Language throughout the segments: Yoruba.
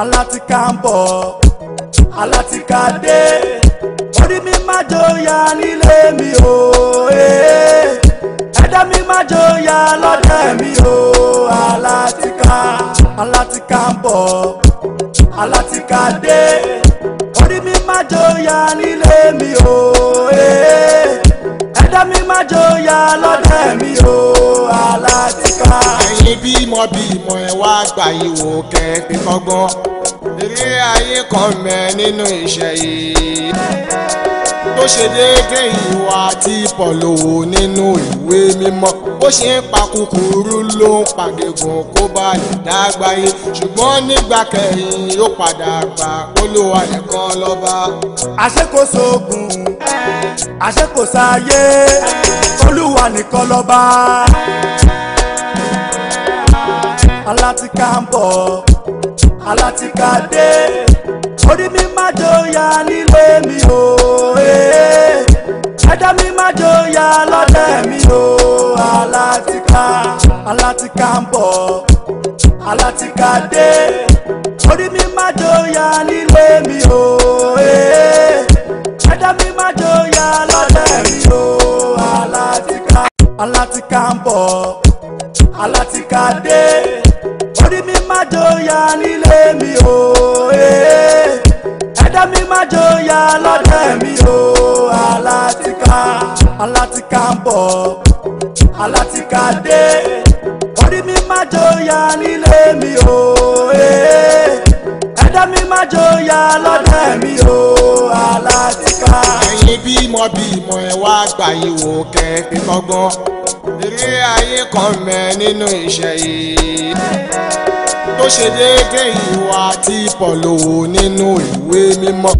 alátìká ń bọ̀ alátìká dé orí mi má jòyà nílé mi o eh. ẹ̀dá mi má jòyà lọ́dẹ mi o alátìká alátìká ń bọ̀ alátìká dé orí mi má jòyà nílé mi o eh. ẹ̀dá mi má jòyà lọ́dẹ mi o mọ bí ìmọ̀ ẹ wá gbà ìwò kẹ́ẹ̀pẹ́ kọ́gbọ́n eré ayé kan mẹ́ nínú ìṣẹ́ yìí tó ṣe déédé ìwà àti pọ̀lọ́wọ́ nínú ìwé mímọ́ bó ṣe ń pa kúkúrú ló ń pàgẹ́gùn kó bá lè dágbáyé ṣùgbọ́n nígbà kẹyìn yóò padà gbà olúwa nìkan lọ́ba. àṣé kò sóògùn àṣé kò sáyé olúwa nìkan lọ́ba alátìká ń bọ̀ alátìká dé orí mi má jòyà nílé mi o eh. ẹ̀dá mi má jòyà lọ́dẹ mi o alátìká alátìká ń bọ̀ alátìká dé orí mi má jòyà nílé mi o eh. ẹ̀dá mi má jòyà lọ́dẹ mi o alátìká alátìká ń bọ̀ alátìká dé orí mi má jòyà nílé mi o eh. ẹ̀dá mi má jòyà lọ́dẹ mi o alátìká alátìká ń bọ̀ alátìká dé orí mi má jòyà nílé mi o eh. ẹ̀dá mi má jòyà lọ́dẹ mi o alátìká. ẹ̀yin bímọ bímọ ẹ̀ wá gbà yìí wò kẹ́ ẹ̀ fi kọ́gbọ́n ìrírí ayé kan mẹ́ nínú iṣẹ́ yìí tó ṣe déédéé ìwà tí pọ̀ lòwò nínú ìwé mímọ́.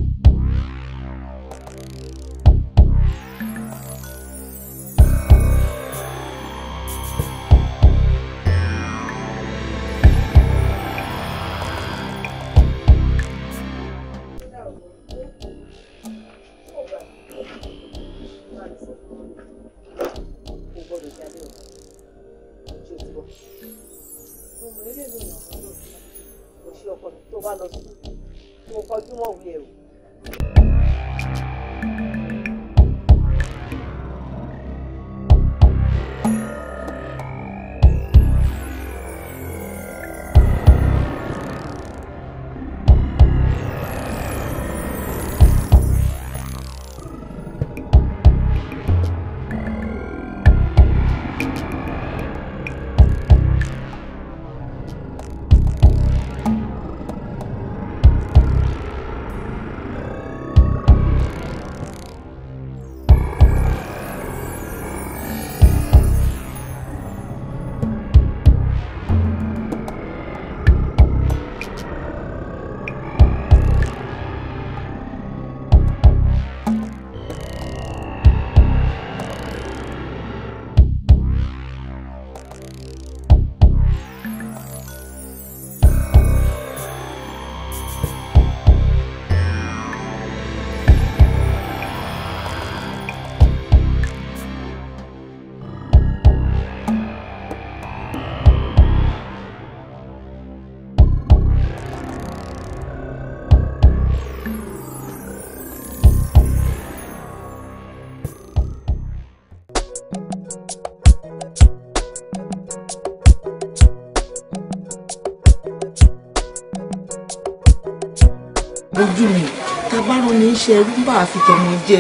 ní í ṣe ẹrú bá àfi tọmọ jẹ.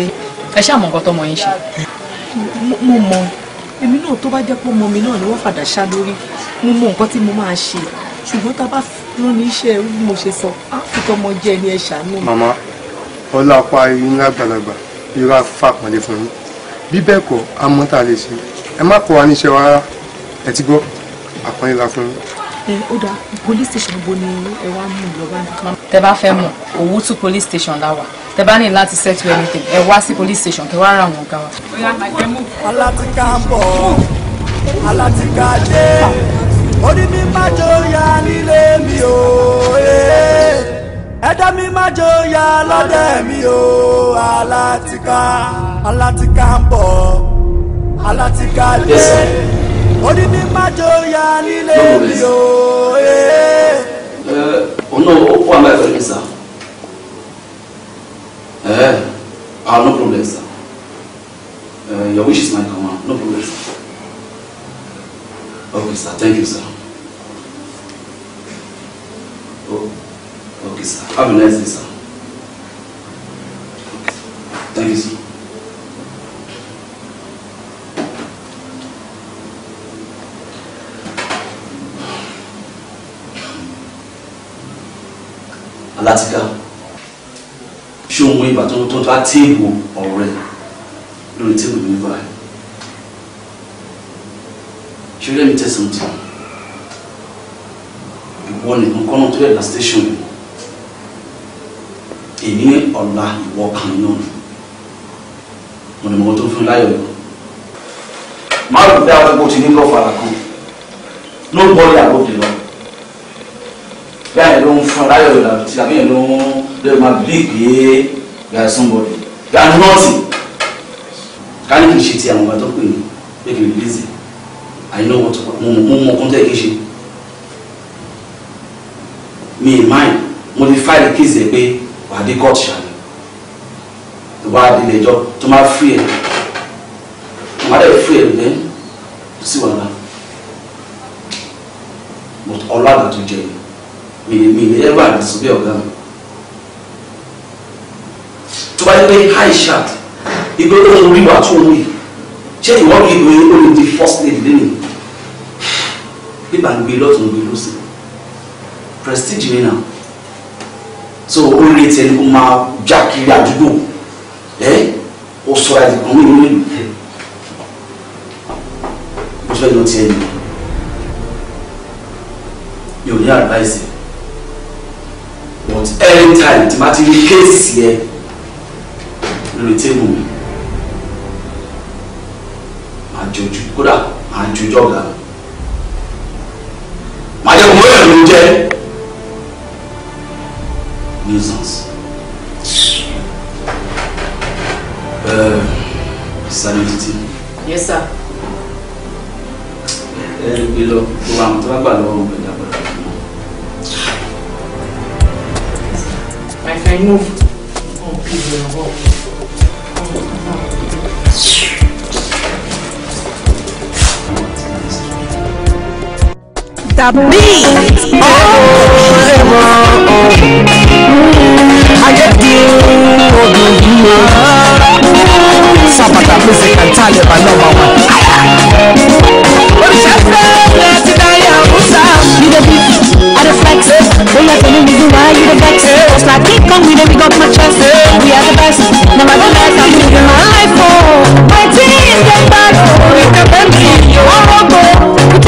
ẹ ṣáà mọ nǹkan tọmọ yín ṣe. mo mọ èmi náà tó bá jẹ́ pé ọmọ mi náà ni wọ́n fàdà ṣá lórí mo mọ nǹkan tí mo máa ṣe ṣùgbọ́n tá a bá rán ní iṣẹ́ ẹrú bí mo ṣe sọ àfi tọmọ jẹ ni ẹ ṣàánú. màmá ọlá apá yín lágbàlagbà irú àfàpọ̀lẹ̀ fún yín bí bẹ́ẹ̀ kọ́ a mọ́ tá a lè ṣe ẹ má kọ́ wa níṣẹ́ wa rárá ẹ ti gbọ́ àpọ́nlé la fún yín ó dá police station bo ni ẹ wá mú lọ bá mi. tẹ bá fẹ́ mọ̀ Owutu police station la wà tẹ bá ní láti settle anything ẹ wá sí police station kẹ wá ra àwọn ọ̀gá wa. alátíkà ń bọ̀ alátíkà dé orí mi má jò ya nílé mi o eh. ẹ̀dá mi má jò ya lọ́dẹ̀ mi o alátíkà alátíkà ń bọ̀ alátíkà dé orí mi má jò ya nílé mi o. ọ̀nà ó àmọ́ ẹ̀fọ́ ní sá. Uh, ah, no problem, sir. your wish is my command. No problem, Okay, sir. Thank you, sir. Oh, okay, sir. Have a nice day, sir. Thank you, sir. Alatika ṣé òun ìgbà tó tó bá téèbù ọ̀rẹ́ lórí téèbù mi báyìí ṣé lẹ́mi tẹ̀sán tì ìwọ nìkan kọ́nà tó yẹ la station èmi ọ̀la ìwọ kan náà mo ní mọ́ tó fún láyọ̀ lọ. má rò pé àwọn ẹgbẹ́ ti ní lọ́fàrà kan ló ń bọ́ ìyàwó dè lọ bí àyẹ̀ ló ń fún láyọ̀ lọ tàbí ẹ̀ ló ń dem ma believe pé you are somebody you are nothing ká ní kì í ṣe ti àwọn ọba tó pè mí pé kì í release i know what mo mo mọ kọ́ńtà kì í ṣe mi in mind mo ti file case ẹ pé wàá dé court ṣáájú tó bá délé ẹjọ́ tó máa free ẹ tó máa dẹ̀ free ẹ bẹ́ẹ̀ kò sí wàhálà but ọlọ́àdà tó jẹ mi mi ẹ bá àdìsí bí ọ̀gá mi tó bá yẹ pé Aishat ìgbé tó ń rí wà tó ń wí ṣé ìwọ rí ìwé orin di first lady lẹ́nu bíbá ń gbé lọ́tún gbé lọ́sẹ̀ prestige ni náà so orin tiẹ̀ ni kò máa já kiri àdúgbò ẹ́ o sọ àdìgbò mi nílùú bó ṣe lọ tiẹ̀ nìyẹn yóò ní advice but anytime tí ma ti rí kéèsì yẹn lórí tébù mi máa jojú kódà máa jojú ọ̀gá mi máa jẹ́ kó mọ́yà ló ń jẹ́ nuisance. Uh, eh, sanity. Yes, sir ẹni gbé lọ gbogbo àwọn tó bá gbà lọ́wọ́ òun pẹ̀lú àgbàdo. My friend move Oh, please, your work. Mr. B. ọ̀rẹ́mọ̀ ayé di ogun oh, yìí Sapata music and talent by number one. olùṣàfẹ́ láti dáyà musa. you dey beat i dey flex oya tẹ̀lé mi dùn wá you dey vex just like king kong we dey big up my chest we are the best na my own life i'm living my life o my team dey bad o ìtẹ̀fẹ́ mi yóò rọ́gbọ́.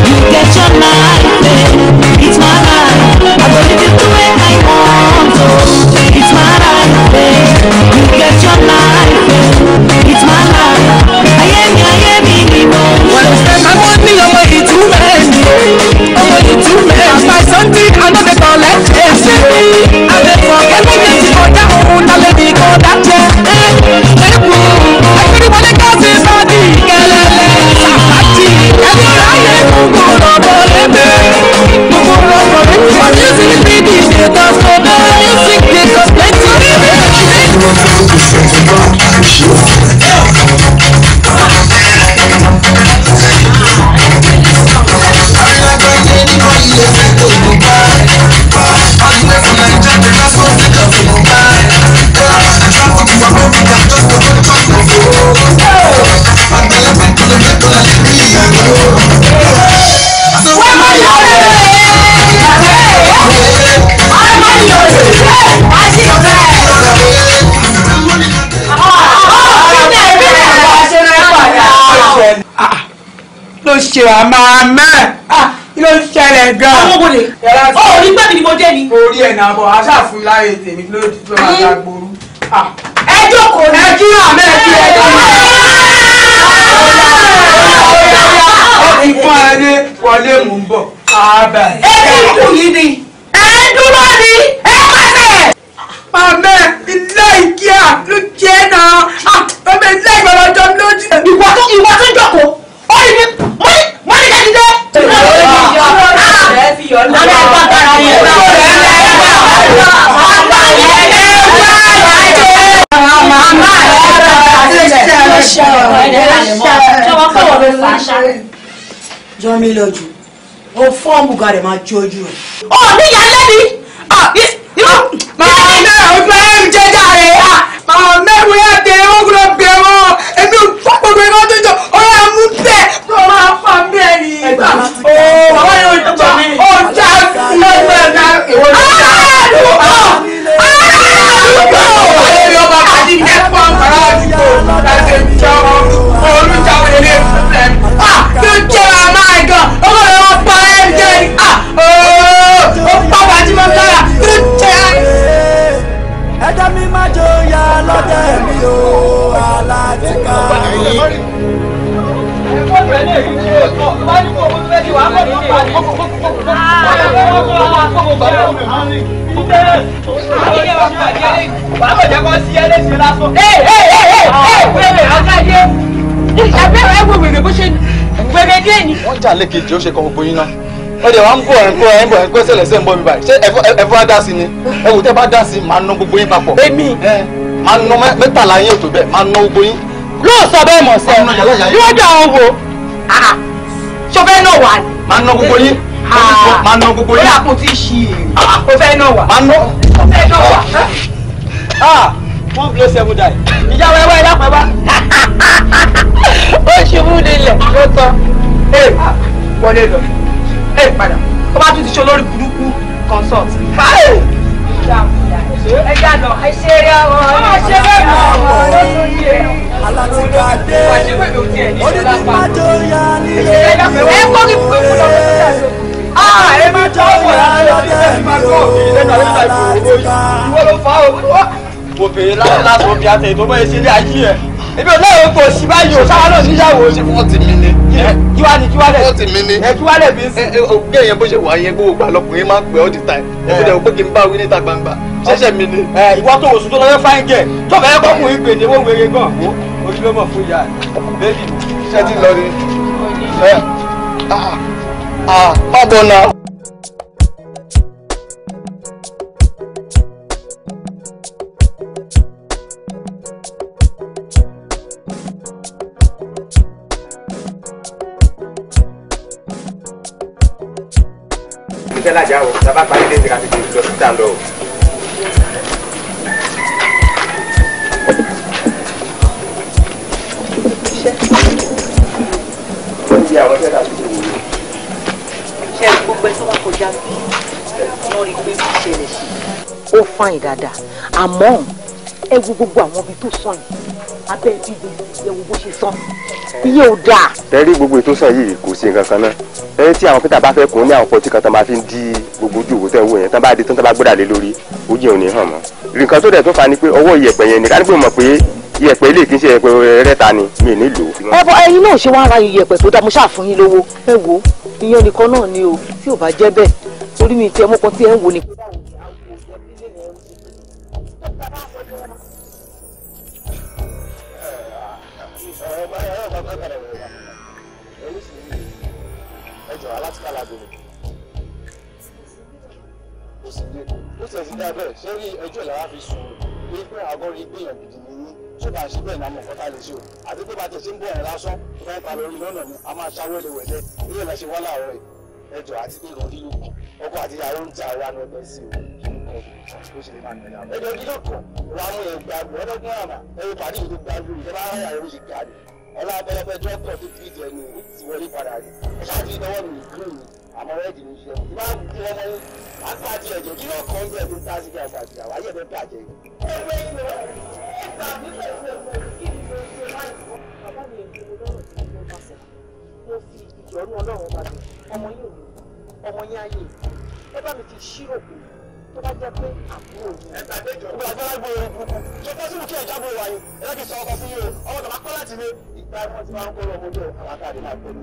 do ṣe wà máa mẹ́ kí ló ń ṣẹlẹ̀ gan-an. àwọn òbòdè ọ̀ nígbà mi ni mo jẹ́ ni. orí ẹ̀ náà bọ̀ aṣáà fún láyé tèmi ló ti tó máa dàgbòrú. ẹ jókòó ẹ kí àmẹ́ ẹ kí ẹ kí ẹ. nǹkan ẹni wọlé mò ń bọ̀. ẹ kí ikú yìí ni. jọ mi lọ jù ó fọ́ọ̀mù gan rẹ̀ máa jó ojú rẹ̀. ó ní lẹ́kejì ó ṣe kan gbogbo yín náà wọ́n dẹ̀ wá ń bọ̀ ẹ̀ ń kó ẹ̀ ń bọ̀ ẹ̀ ń pẹ́ sẹ̀lẹ̀ sẹ̀ ń bọ̀ mi báyìí ṣé ẹ̀fọ́ á dá sí ni ẹ wò tẹ́ bá dá sí máa ná gbogbo yín papọ̀. èmi máa ná mẹ́tàlá yín òtò bẹ́ẹ̀ máa ná gbogbo yín. lóò sọ bẹ́ẹ̀ mọ̀ sẹ́ lọ́dọ̀ àwọn wo ah, ṣọfẹ́ náà wà ní. máa ná gbogbo yín ah, máa ná gbogbo yín. ó yà kó tí ì ṣí i ó fẹ́ náà wà. máa ná ó náà wà wọlé lọ ẹ padà tó bá tún ti ṣe olórí burúkú consult. ẹ jà lọ ẹ ṣe é ọ ọ ṣe bẹ́ẹ̀ mọ́ ọ lọ́sùn yìí. alátìgbàdé onídìmájọ ya nílé ìwé ẹ kọ́ kí pé kú lọ́wọ́ tó dàbí. Ah, ẹ máa jẹ́ ọ̀pọ̀ láàárín ọ̀dẹ́ ẹ̀ máa kọ́ ọ̀bí lẹ́nu àti ìgbà ìwọ ló fà á o. Obìnrin lásán bí a tẹ̀ tó bá ẹ ṣe ayé ẹ̀. Ebi ò lẹ́yìn báyìí o sáwọn náà níyàwó ṣe fún ọ̀tí mi ni kí wàá ní kí wàá lẹ̀ fọ́ọ̀tì mi ni kí wàá lẹ̀ fi ń sìn. ògbé yẹn bó ṣe wà yẹn gbogbo gbà lọkùnrin máa ń pè all the time èmi dẹ̀ ògbé kí n bá wí níta gbangba ṣẹ́ṣẹ́ mi ni. ìwọ tó oṣù tó lọ fẹ́ fáin gẹ̀ tó fẹ́ kọ́ mú ìpè ní wọ́n wéré gan fún ojúlọ́mọ̀ fún ìyá bẹ́ẹ̀ni. ṣé ti lọ ni. ọ̀bọ̀nà. ṣẹlẹ̀ sí ó fàìn dáadáa àmọ́ ẹ wo gbogbo àwọn ibi tó sàn yìí abẹ́ bíbí ẹ wo bó ṣe sàn iye ò dáa. tẹ́rí gbogbo ètò sàn yìí kò sí nǹkan kan náà ẹni tí àwọn pété bá fẹ́ kún ní àwọn pọtí kan tán máa fi ń di gbogbo ojú òwò tẹ́ ń wò yẹn tán bá di tán tán bá gbọ́dà lé lórí ojú ẹ̀ ò ní hàn mọ́. nǹkan tó dẹ̀ tó fa ni pé ọwọ́ iyẹ̀pẹ̀ yẹn nìkan nígbà mọ̀ pé iyẹ̀pẹ̀ ilé kì í ṣe iyẹ̀pẹ̀ rẹ́ta ni mi ò ní lò. ẹ bọ ẹyin náà ṣe wá ara iyẹ̀pẹ̀ tó dáa mo ṣáà fún yín lówó ẹ wo ìyẹn nìkan náà ni o tí ò bá jẹ́ bẹ́ẹ̀ torí mi tẹ mọ́kọ tí ẹ ń wò ni. sórí ẹjọ́ ìlàwá ni tí ó lè ṣe o àti tó bá ti ṣe ń bọ̀ ẹ̀ lásán tó bá ń ni a máa ṣàwọ́ ìlẹ̀wẹ̀lẹ̀ ilé ìlàṣẹ wà láàárọ̀ yìí ẹjọ́ àti pé ìrọ̀lẹ́ yóò ọkọ àti ń ta ara lọ lọ sí òun kó ṣe lè wà mú ẹgbẹ́ àgbẹ̀ ọlọ́gbọ́n àmà ẹ̀rọ pàdé ìlú gbàgbé ìjọba ara yàrá òṣì gàdé ọlá abẹ́rẹ́fẹ́ dọ́kítọ̀ tó fi jẹ ní ti wọlé padà rí ṣáàtì ìdánwò mi ìkúrò mi àmọ́ rẹ́ẹ̀dì mi ṣe ìbá kú ọmọ yín àpàtì ẹ̀jẹ̀ kí lóko ń tó tá sí ìgbà àti ìyàwó ayé ẹ̀fẹ́ bàjẹ́. ẹgbẹ́ ìlú ẹgbà mi pẹ̀lú fi ọ̀rọ̀ ọlọ́run balẹ̀ ọmọ yìí ò ní ọmọ yín ayé ẹ bá mi ti ṣírò pé tó bá jẹ́ pé àbúrò yìí. ẹ tàdé jọ gbogbo àjọ lágbo orin burúkú ṣé pọ́sibú kí ẹ̀já bò wá yín ẹ lọ́ọ́ kí sọ ọkọ fún yín o ọmọ kàmá kọ́ láti ilé. ìgbà wọn ti máa ń kọ́ lọ ọmọdé àwọn àtàrí máa pẹ̀lú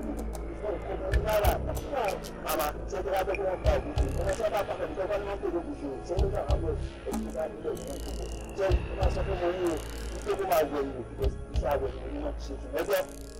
Mama, ṣe tí wàá bẹ kí wọ́n bá òkùnkùn, ọmọ tí wọ́n bá pàtàkì tó bá ní wọ́n pè lókùnkùn, ṣé ń gbà wọ́n bẹ̀ ẹ̀sìn bá nílò ìgbà. Jẹ́ ìgbà sọ fún mo yín o, ìgbé kó máa wẹ̀ ìwò, ìgbésí àwẹ̀ ìwò ni wọ́n ti ṣe fún ẹgbẹ́.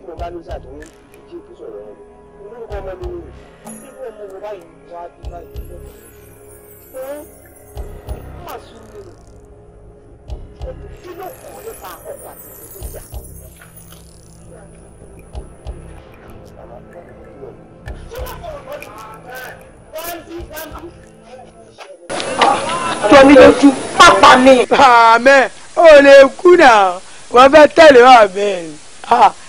tí mo ló ṣàtúnyẹ ìdí èkó sọ̀rọ̀ yẹn lórúkọ ọmọ mi nìyí nínú ọmọ mi báyìí wá bí báyìí lọ́wọ́ ẹ má sùn mí o kí ló kàn nípa ọkọ̀ àti ìdílé jọmí lójú pápá mi. àmín ò lè kú náà wọ́n fẹ́ tẹ̀lé àmín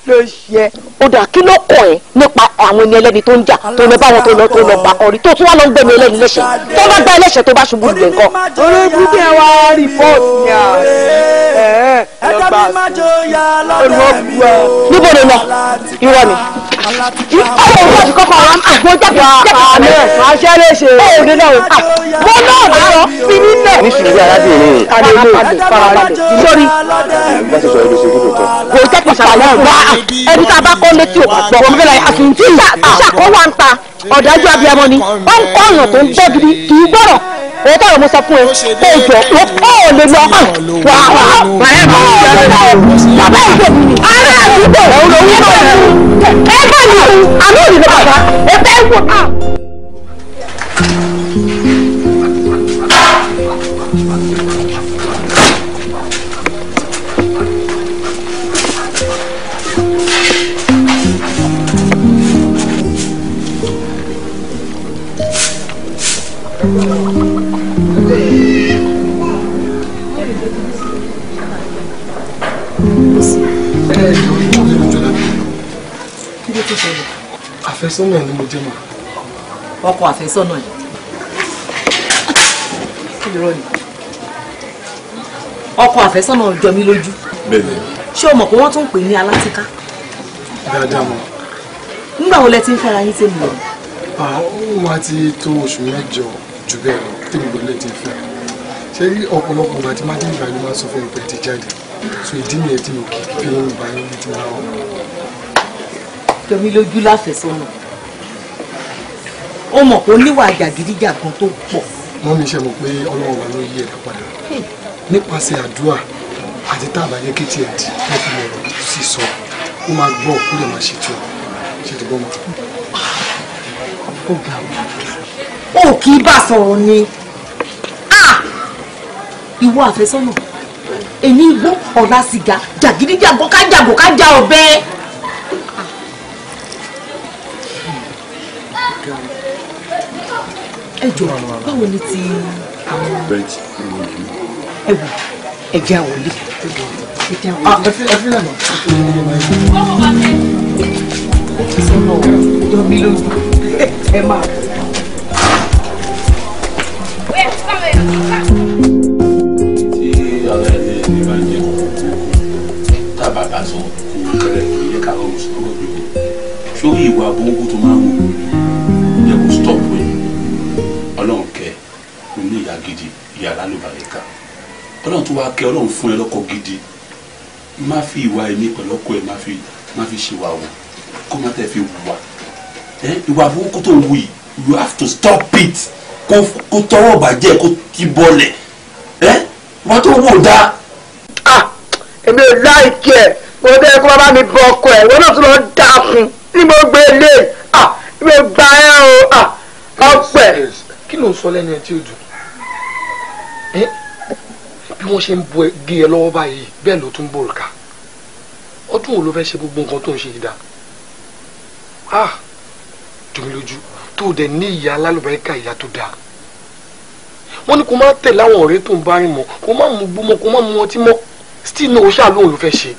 ló ṣe. ó dà kí ló kọ ẹ nípa àwọn ẹni ẹlẹ́ni tó ń jà tó lọ bá wọn tó lọ tó lọ gbà kọrí tó tún wá lọ ń gbẹmí ẹlẹ́ni lẹ́sẹ̀ tó bá gba ẹlẹ́sẹ̀ tó bá ṣubú lulẹ̀ nǹkan. olóògùn kí ẹ wá rìpọ́ọ̀tì ni à ẹ ẹ lọ gbà sí olùwọ́gbù ẹ. níbo ni lọ irọ́ ni ọ̀rọ̀ ìwádìí kọ́kọ́ wa àgbo jáde jáde. àṣẹ lè ṣe é òde náà mo náà bá lọ fi mí lẹ. nísìnyí arábìnrin adélo farabalẹ̀ sórí. kò jẹ́ pàṣàlọ́ wa ẹni tá a bá kọ́ létí òkú gbọ́ wọn fẹ́lẹ̀ àtúntì ṣàkóso ń ta ọ̀dájú abiyamọ ni ó ń kọ́ ọ̀nà tó ń gbọ́ gidi kì í gbọ́rọ̀ o tọrọ mo sọ fún ẹ pé ìjọ ló pọ̀ lè lọ hàn wà á wà á bàbá ìjọ mi ni ara àdúgbò òun lòun yẹ kọ́ ẹ bàbá mi àmì òdì ni bàbá ẹ fẹ́ wò. tó ṣẹlẹ̀. àfẹ́sọ́nà ni mo jẹ́ mà. ọkọ àfẹ́sọ́nà yìí kí ló rọ ni ọkọ àfẹ́sọ́nà jọ mí lójú ṣé o mọ̀ pé wọ́n tún ń pè ní alátìká. dáadáa mọ. nígbà wo lẹ ti ń fẹ́ra yín tèmi lọ. àwọn àti tó oṣù mẹ́jọ jù bẹ́ẹ̀ lọ tèmi lọ lè ti fẹ́ ṣé ọ̀pọ̀lọpọ̀ ìgbà tí má dé ìgbà ni má sọ fún mi pé ti jáde so ìdí nìyẹn tí mo kì í fi ń bá yín ti máa wọ̀ jọmí lójú láfẹ̀sọ́nà ó mọ̀ pé oníwà jàgídíjàgan tó pọ̀. wọ́n mi ṣe mọ̀ pé ọlọ́run wa ló yí ẹ̀dá padà nípasẹ̀ àdúrà àti tá àbáyé kétì ẹ̀ dì wọ́n fi mọ̀ ọ̀rọ̀ sísọ ó máa gbọ́ kó lè máa ṣètò ṣètò mọ́. ó ga o ò kì í bá sọ̀rọ̀ ni ìwọ àfẹ́sọ́nà èmi igbó ọ̀la sìgá jàgídíjàgan ká jàgò ká já ọ̀bẹ. ẹ jọ báwo ni ti. bẹ́ẹ̀ni mo ní. ẹ wò ẹ jẹ́ àwọlé ẹ jẹ́ àwọlé. ẹ fi ẹ fi lẹ́nu. kọ́kọ́ bá tẹ̀. sọ́nà jọ mí lójú ẹ máa. sórí ìwà burúkú tó máa ń bí alálùbáríkà ọlọ́run tó wá kẹ́ ọlọ́run fún ẹ lọ́kọ gidi má fi ìwà ẹ̀mí pẹ̀lú ọkọ ẹ̀ má fi má fi ṣe wà wò kó má tẹ̀ fi wà ẹ ìwà burúkú tó wù yìí you have to stop it kó kó tọwọ́ bàjẹ́ kó ti bọ́lẹ̀ ẹ wọ́n tó wò dá. èmi ò láìkí ẹ mo bẹ́ẹ̀ kó bá mi bọ ọkọ ẹ̀ wọ́n náà tún lọ dá fún ní mo gbé lé mi ò gbà ẹ́ o ọpẹ. kí ló ń sọ lẹ́nu ẹ tí ó dùn ẹ eh? bí wọ́n ṣe ń bu gé ẹ lọ́wọ́ báyìí bẹ́ẹ̀ ló tún bòrò ká ọdún wo ló fẹ́ ṣe gbogbo nǹkan tó ń ṣe yìí dá ah dùn tó o dẹ̀ ní ìyá alálùbáríkà ìyá tó dáa wọ́n ní kó má tẹ̀ láwọn ọ̀rẹ́ tó ń bá rìn mọ́ kó má mú gbó mọ́ kó má mú ọtí mọ́ still náà ó ṣáà lóun ló fẹ́ ṣe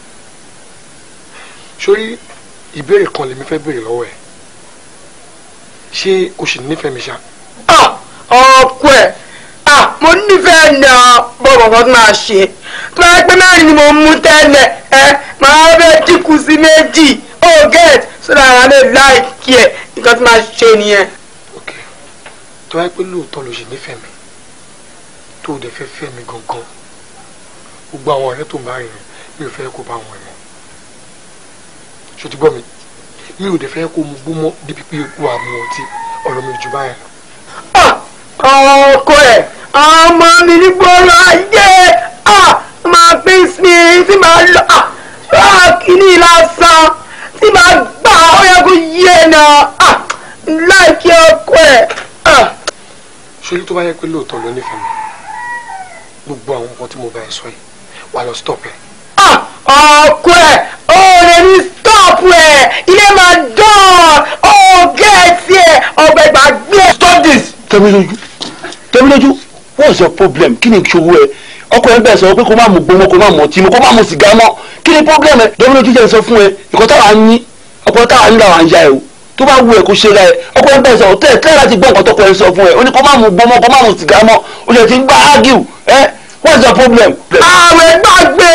sórí ìbéèrè kan lèmi fẹ́ béèrè lọ́wọ́ ẹ̀ ṣé o sì nífẹ̀ẹ́ mi ṣá. Ah, ọkọ ẹ mo nífẹ̀ẹ́ ní ọ bọ̀bọ̀ kan tó máa ṣe máa pé mẹ́rin ni mo mú tẹ́lẹ̀ ẹ máa bẹ dínkù sí méjì oh get so that ara lè láìkí ẹ nǹkan tó máa ṣe nìyẹn. ok tó wáyé pé lóòótọ́ ló ṣe nífẹ̀ẹ́ mi tó o dẹ̀ fẹ́ fẹ́ mi gangan gbogbo àwọn ọ̀rẹ́ tó ń bá rìn mi ò fẹ́ kó bá wọn rìn ṣòtí gbọ́ mi mi ò dẹ̀ fẹ́ kó mu gbó mọ́ débi pé ikú àmú ọtí ọ̀rọ̀ mi ò jù báyẹn ọkọ ẹ̀ ọmọ mi ní gbọ́rọ̀ ayé máa fi sí tí máa lọ kíní lásán tí máa gbà ó yẹ kó yé náà láìkí ọkọ ẹ̀. ṣorí tó bá yẹ pé lóòótọ́ ló nífẹ̀ẹ́ mi gbogbo àwọn nǹkan tí mo bá ẹ sọ yìí wà lọ stop ẹ. ọkọ ẹ ò lè ní stop ẹ ilé máa dán ọ gẹẹsì ẹ ọgbẹgbàgbé. stop this. tẹ̀wé lójú tóbi what's your problem kí ni ìṣòro ẹ ọkọ ẹ bẹ sọ pé kó má mu gbọmọ kó má mu ọtí mu kó má mu sìgá mọ́ kí ni problem ẹ tóbi lójú jẹ́ sọ fún ẹ ìkọ́ táwa ń ní ọkọ táwa ń làwọn àyà ẹ o tó bá wù ẹ kó ṣe ra ẹ ọkọ ẹ bẹ sọ tẹ tẹ láti gbọ́ nǹkan tọkọ ẹ sọ fún ẹ ó ní kó má mu gbọmọ kó má mu sìgá mọ́ o lè ti gbá ágìw ẹ what's your problem. ààrẹ gbàgbé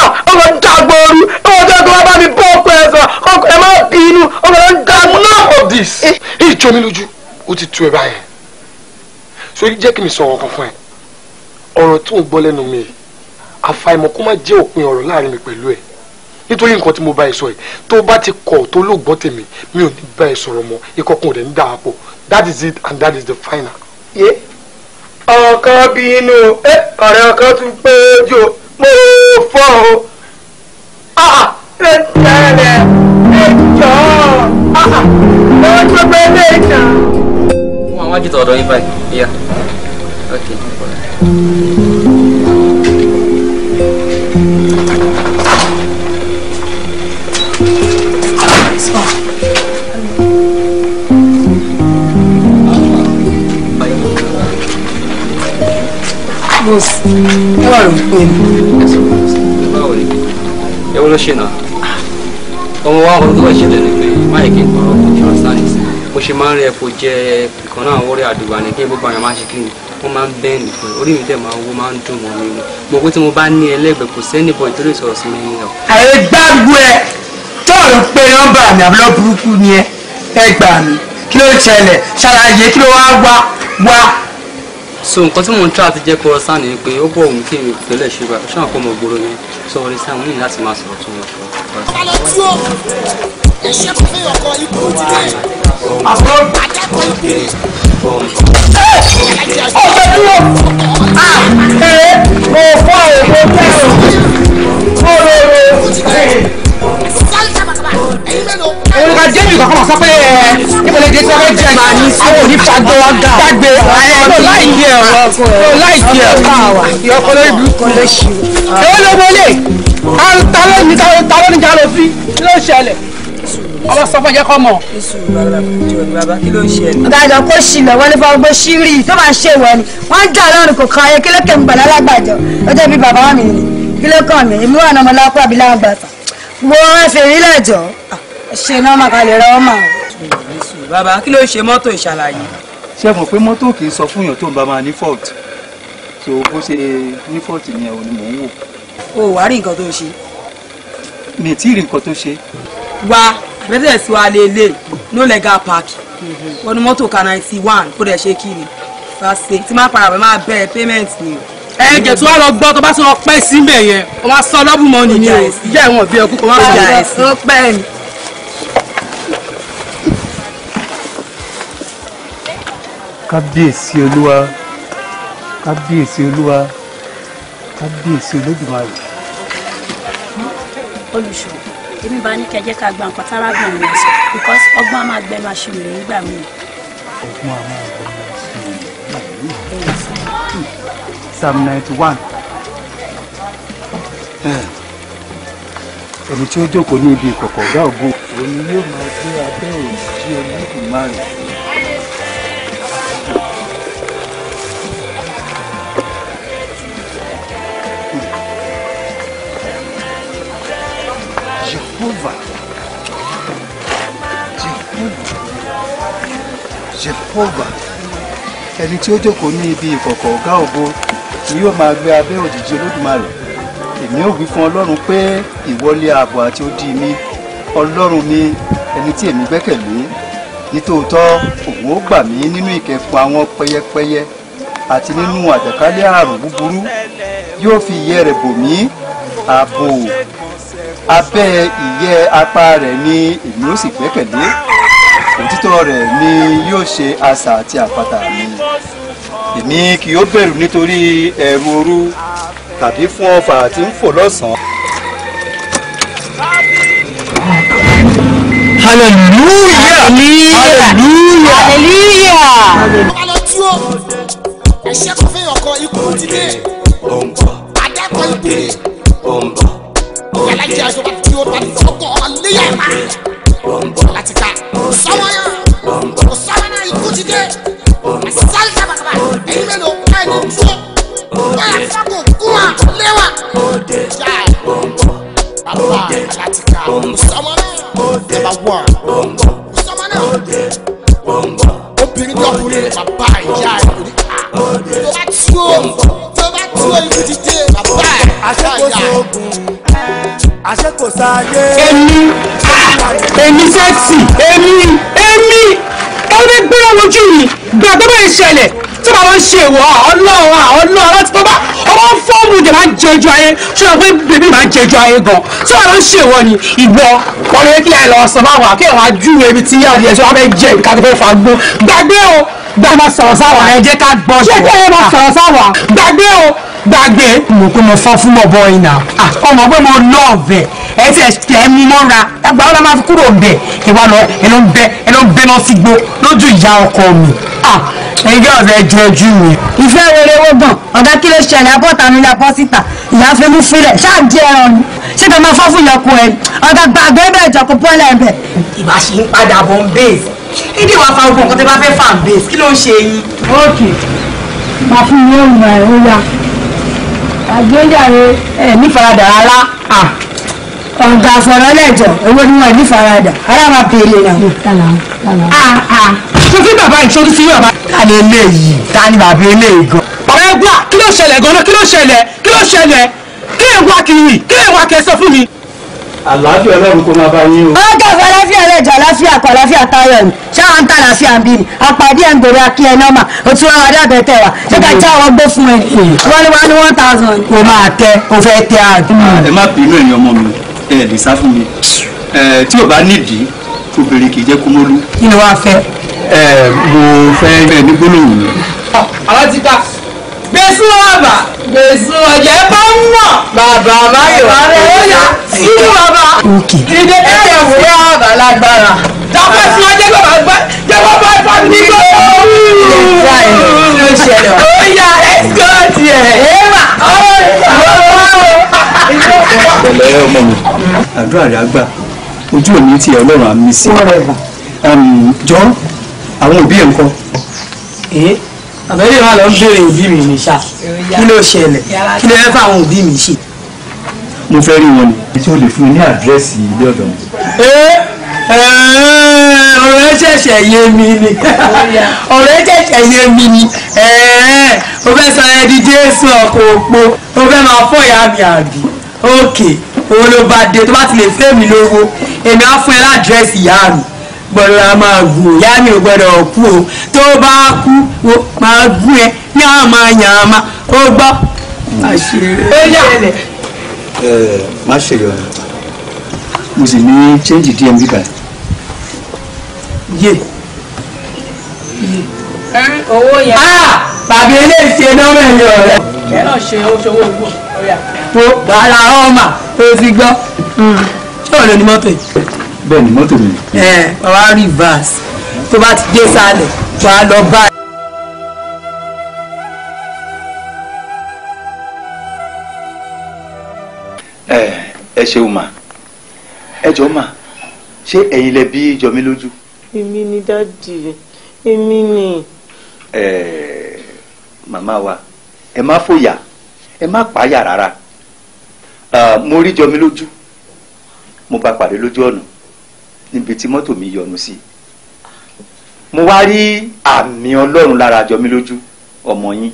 ah, ọmọ dàgbòru ọmọ dàgbòru ọkọ ẹ ọkọ ẹ má bínú ọmọ ẹ báyẹn sori jẹ́ kí mi sọ ọ̀kan fún ẹ ọ̀rọ̀ tó ń gbọ́ lẹ́nu mi yìí kó má jẹ́ òpin ọ̀rọ̀ láàrin mi pẹ̀lú ẹ nítorí nǹkan tí mo bá ẹ sọ ẹ tó bá ti kọ̀ tó ló gbọ́ tèmi mi ò ní bá ẹ sọ̀rọ̀ mọ́ ìkọkùn rẹ̀ ń dà á that is it and that is the final. yé ọ̀kan bí inú ẹ ọ̀rẹ́ ọ̀kan tún pé ojú mo fọ́ o ah ẹ tẹ̀lé ẹ jọ̀ọ́ ah ó tún pé lè tàn wọ́n wájú tọ̀dọ̀ yín báyìí yá ok. Boss, ẹ wà ló ń pè mí. Ewu ló ṣe náà. Ọmọ wa ọ̀rọ̀ tó wá ṣẹlẹ̀ ni pé máyì kí n kọ́ ọ́ fún ìrọ̀sán nìsín bó ṣe máa ń rí ẹ̀kọ́ jẹ ìkan náà wọ́rẹ́ àdùgbà ní kí gbogbo àwọn máa ṣe kí ni wọ́n máa ń bẹ́ẹ̀nì fún orí mi tẹ̀ máa wó máa ń dùn mọ́ mi ni mo pé tí mo bá ní ẹlẹ́gbẹ̀ẹ́ kò sẹ́ni bọ̀ ìtòrí ìsọ̀rọ̀ sí mi ni àyè gbàgbó ẹ tọ́ọ̀rù pé nọ́mbà mi àbúrò burúkú ni ẹ gbà mí kí ló ṣẹlẹ̀ ṣàlàyé kí ló wá wá wá. so nǹkan tí mò ń tra àti jẹ́ kọ́rọ́ ni pé ó bọ̀ òun àfọ́n. ọ̀sẹ̀ dúró a ee mo fọ́ òfò kẹrù mo lò lò. Olùkà Jẹ́mi kọ̀ọ̀kan máa sọ pé ẹ̀ nípele jẹ́ tí wọ́n jẹ́ màá ní sáwọ́ ní fagbọ́ wa gà. Gbàgbé ọ̀rẹ́ mi láìkí ẹ̀ wọ́n láìkí ẹ̀ káwa. Ìyọkọ lórí burúkú ló ṣì wò. Èwo ló wọlé? Ta ló ní ta ló ní jalè fi? Kí ló ṣẹlẹ̀? ọwọ́ sọ fún ẹ̀jẹ̀ kọ́ mọ̀. gàdọ̀ kó ṣìlẹ̀ wọlé fún ọgbẹ́ ṣírí tó máa ṣe ìwọ ni wọ́n ń jà lọ́rùn kò kan ayé kí ló kẹ́ ń gbàdá lágbàjọ ó jẹ́ bí bàbá mi ni kí ló kàn mí èmi wà nọmọ lápá àbí láǹgbà tán wo ẹsẹ̀ rí lẹ́jọ́ ṣe náà máa kalẹ̀ rẹ ọmọ. bàbá kí ló ṣe mọ́tò ìṣàlàyé. ṣé mọ̀ pé mọ́tò kì í sọ fún èèyàn tó ń bá máa ní fault so bó ṣe ní fault ni ẹ̀ ò ní mò ń wò. o wá rí nǹkan tó ṣe. mi ì tí ì rí nǹkan tó ṣe. wá bẹ́tẹ̀ sí wa lélẹ̀ no legal parking wọ́n ní mọ́tò kan ninety one kó dẹ̀ ṣe kiri fàṣẹ tí máa para máa bẹ̀rẹ̀ payment ni o. ẹ jẹ tí wọn lọ gbọ́ tó bá sọ pẹ síbẹ̀ yẹn wọn máa sọ lọbùmọ nìyí o ìyá ẹwọn bí ọkùnkùn wọn máa bẹ̀rẹ̀ sí. ó pẹ́ ni. kábíyèsí olúwa kábíyèsí olúwa kábíyèsí olódùmarè. olùṣọ́ èmi bá ní kẹjẹ ká gba nǹkan tára gbọ̀n mi sọ because ọgbọ́n a máa gbẹnu aṣèwèrè nígbà mi. ọgbọ́n a máa gbẹnu aṣèwèrè. psalm ninety ẹni tí ó jókòó ní ibi ìkọ̀kọ̀ ọ̀gá ògo òun ni yóò máa gbé abẹ́ òjì olódùmarè. Jehovah. Jehovah. Ẹni tí ó jókòó ní ibi ìkọ̀kọ̀ ọ̀gá ògo ni yóò máa gbé abẹ́ òjìji olódùmarè. Èmi ò wí fún Ọlọ́run pé ìwọlé ààbò àti odi mi, Ọlọ́run mi, ẹni tí èmi gbẹ́kẹ̀lé. Nítòótọ́, òun ó gbà mí nínú ìkẹkùn àwọn pẹyẹpẹyẹ àti nínú àjàkálẹ̀ àrùn búburú. Yóò fi ìyẹ́ rẹ̀ bò mí, ààbò abẹ́ ìyẹ́ apá rẹ̀ ni èmi ó sì gbẹ́kẹ̀lé òtítọ́ rẹ̀ ni yóò ṣe asà àti àpáta mi èmi kì yóò bẹ̀rù nítorí ẹ̀rù òru tàbí fún ọfà tí ń fò lọ́sàn-án. hallelujah hallelujah hallelujah. alọ́ tí kò fẹ́ ọkọ̀ ikú ti dé. àti àjọba tí ó balẹ̀ sọ́kọ̀ ọ̀lẹ́yà ìmá láti ká sọ́wọ́yà kò sọ́wọ́yà ikú ti dé àṣìṣàlì sábàbà ẹ̀yìn mélòó ẹni tó bóyá fáko kúwà léwà jà bàbá láti ká sọ́wọ́yà number one. Ah, èmi èmi sẹ́ẹ̀sì èmi èmi ẹni gbéra wojú mi gbà tó bẹ́ẹ̀ ṣẹlẹ̀ tó bá wọn ṣe ìwọ ọlọ́run ọlọ́run láti bọ́ bá ọmọ fọ́ọ̀mù jẹ̀ máa jẹjọ ayé ṣọlá pé bèbí máa jẹjọ ayé gan tó bá wọn ṣe ìwọ ni ìwọ ọ̀rẹ́ kí ẹ lọ sọ báwọn akéwà ju ebi tí yára yẹ ṣọ abẹ́ jẹ nǹkan tó fẹ́ fà gbó gbàgbé o gbàgbé o sọ̀rọ̀ sáwà ẹ jẹ́ ká gbọ́ ṣe kí ẹ máa sọ̀rọ̀ sáwà ah. gbàgbé o gbàgbé. mo pé mo fọ́ fún bọ̀bọ̀ ìnà ah, ọmọ pé mo lọ ọ̀bẹ ẹ ti ẹ mú mọ́ra ẹgbàá wọn la máa fi kúrò bẹ ẹ wá lọ ẹ ló ń bẹ ẹ ló ń bẹ náà sígbó lójú ìyá ọkọ mi ẹgbẹ́ ọ̀rẹ́ jọjú mi. ìfẹ́ rere wo gan ọ̀gá kí ló ṣẹlẹ̀ abọ́ta mi la bọ́ síta ìyá fẹ́ mú filẹ̀ ṣáà jẹ ẹran ni ṣé kò máa fọ́ fún ìyọkùn ẹ ọ̀gá gbàgbé bẹ́ẹ̀ jọkùn pọ́lẹ̀ bẹ́ẹ̀. ìbá ṣe ń padà bọ̀ ń bèèsì ìdí ìwà fa ogun nǹkan tẹ bá fẹ́ fà ń bèèsì kí ló ń ṣe yín. ókè màá fún yóò rà ẹ̀ ó yá àgbéjáde ẹ̀ nífaradà rárá ọ̀gá àfọ̀rọ̀ lẹ́jọ̀ owó ni wọ́n nífaradà ara máa béèrè náà. ṣé kí bàbá ìṣòro sí yọ̀bá. ta ni eléyìí ta ni bàbá eléyìí gan. ọ̀rẹ́ gbà kí ló ṣẹlẹ̀ gan-an kí ló ṣẹlẹ̀ kí ló ṣẹlẹ̀ kí lè wá kiri kí lè wá kẹsàn fún mi àlàáfíà ọlọ́run kò máa bá yín o. ó kẹfẹ aláfíà rẹ jọ aláfíà kọ aláfíà táyọ ni ṣáà ń ta àlàáfíà ń bí ni àpàdé ẹ̀ ń gbèrè akí ẹ nọ́mà o ti rán adé àtẹ̀tẹ̀ wa ṣé ká já ọ gbé fún ẹ eh. wọ́n ní wọ́n ní one thousand. o máa tẹ o fẹ́ tẹ àdùn. Ah, ẹ má bínú ẹ̀yin ọmọ mi ẹ lè sá fún mi eh, tí ò bá nídìí obìnrin kì í jẹ́ kúmọ́lú. kí ni wàá fẹ́. Eh, mo fẹ́ ní gbólóhùn ah, gbèsè ọba gbèsè ọjà bá ń mọ. bàbá báyọ̀ bàbá rẹ̀ ó bàbá. ìdè ẹ̀yẹ̀ wò ó bàbá lágbára. dápẹ́ tí wọ́n jẹ́ bá gbá jẹ́ bá bá mi gbó. ìjà ẹ̀sìkò tiẹ̀. ẹ̀wà ọ̀rọ̀ ọ̀rọ̀ ọmọ mi àdúrà rẹ̀ á ojú òní ti ọlọ́run àmì sí. jọ àwọn òbí ẹ̀ ń kọ́ àbẹ̀lẹ̀ wa lọ ń béèrè òbí mi ní sá kí ló ṣẹlẹ̀ kí ló fẹ́ fáwọn òbí mi ṣe. mo fẹ́ rí wọn ni tí o lè fún mi ní àdírẹ́sì ilé ọ̀dọ̀ mi. ọ̀rọ̀ ẹ ṣẹ̀ṣẹ̀ yé mi ni ọ̀rọ̀ ẹ ṣẹ̀ṣẹ̀ yé mi ni o fẹ́ sọ ẹ di jésù ọkọ̀ òpó o fẹ́ máa fọ́ ìyá mi àbí òkè òun ló bá dé tó bá ti lè fẹ́ mi lówó èmi á fún ẹ ládírẹ́sì ìyá mi gbọ́dọ̀ a máa gùn ìyá mi ò gbọ́dọ̀ kú o tó bá kú máa gún ẹ ní àmà yàmà ó gbọ́. má ṣe yọ mo sì ní chẹ́ǹjì díẹ̀ níbí yé owó yẹn. Ah! bàbá eléyìí ṣe nọ́ọ̀mù ẹ̀yìn ọ̀rẹ́. ẹ náà ṣe oṣù owó ìgbò ọ̀rẹ́. wàhálà ọmọ o ti gbọ́ hmm. ṣé ọ̀rẹ́ ni mọ́tò yìí bẹ́ẹ̀ ni mọ́tò mi. ẹ wàá reverse tó bá ti dé sálẹ̀ wàá lọ bá ẹ ṣeun mà ẹ jọ mà ṣé ẹ̀yin lẹ bí jọ mí lójú. èmi ni dáàdì èmi ni. ẹ màmá wa ẹ má fòyà ẹ má pààyà rárá mo rí jọ mí lójú mo bá pàdé lójú ọ̀nà níbi tí mọ́tò mi yọnu sí mo wá rí àmì ọlọ́run lára jọ mí lójú ọmọ yín.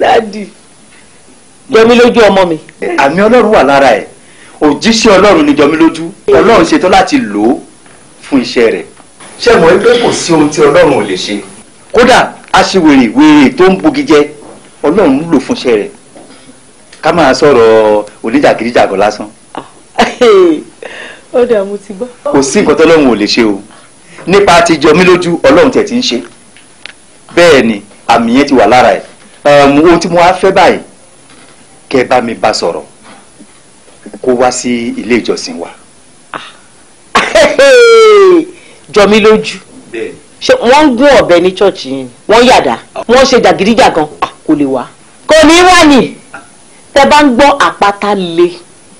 dádì jọ mí lójú ọmọ mi. àmì ọlọ́run wà lára ẹ̀ òjíṣẹ́ ọlọ́run ni jọ mí lójú ọlọ́run ṣetán láti lò ó fún iṣẹ́ rẹ̀. ṣé mo rí pé kò sí ohun tí ọlọ́run ò lè ṣe. kódà aṣiwèrè wèrè tó ń bogi jẹ ọlọ́run ń lò fún iṣẹ́ rẹ̀ ká máa sọ̀rọ̀ oníjàgídíjàgọ̀ lásán. ọ̀dà mo ti gbọ́. kò sí nǹkan tọ́lọ́run ò lè ṣe o nípa ti jọ mí lójú ọlọ́run tẹ̀ ti ń ṣe bẹ́ẹ̀ ni àmì yẹn ti wà lára ẹ̀ ohun tí mo wá fẹ́ báyìí kẹ́ bá mi bá sọ̀rọ̀ kó wá sí ilé ìjọsìn wa. jọ mí lójú ṣé wọ́n ń gún ọ̀bẹ ní ṣọ́ọ̀ṣì yẹn wọ́n yàdá ah. wọ́n ṣe jàgídíjàgan ah, kò lè wá kò ní wá ni tẹ bá ń gbọ́ àpáta le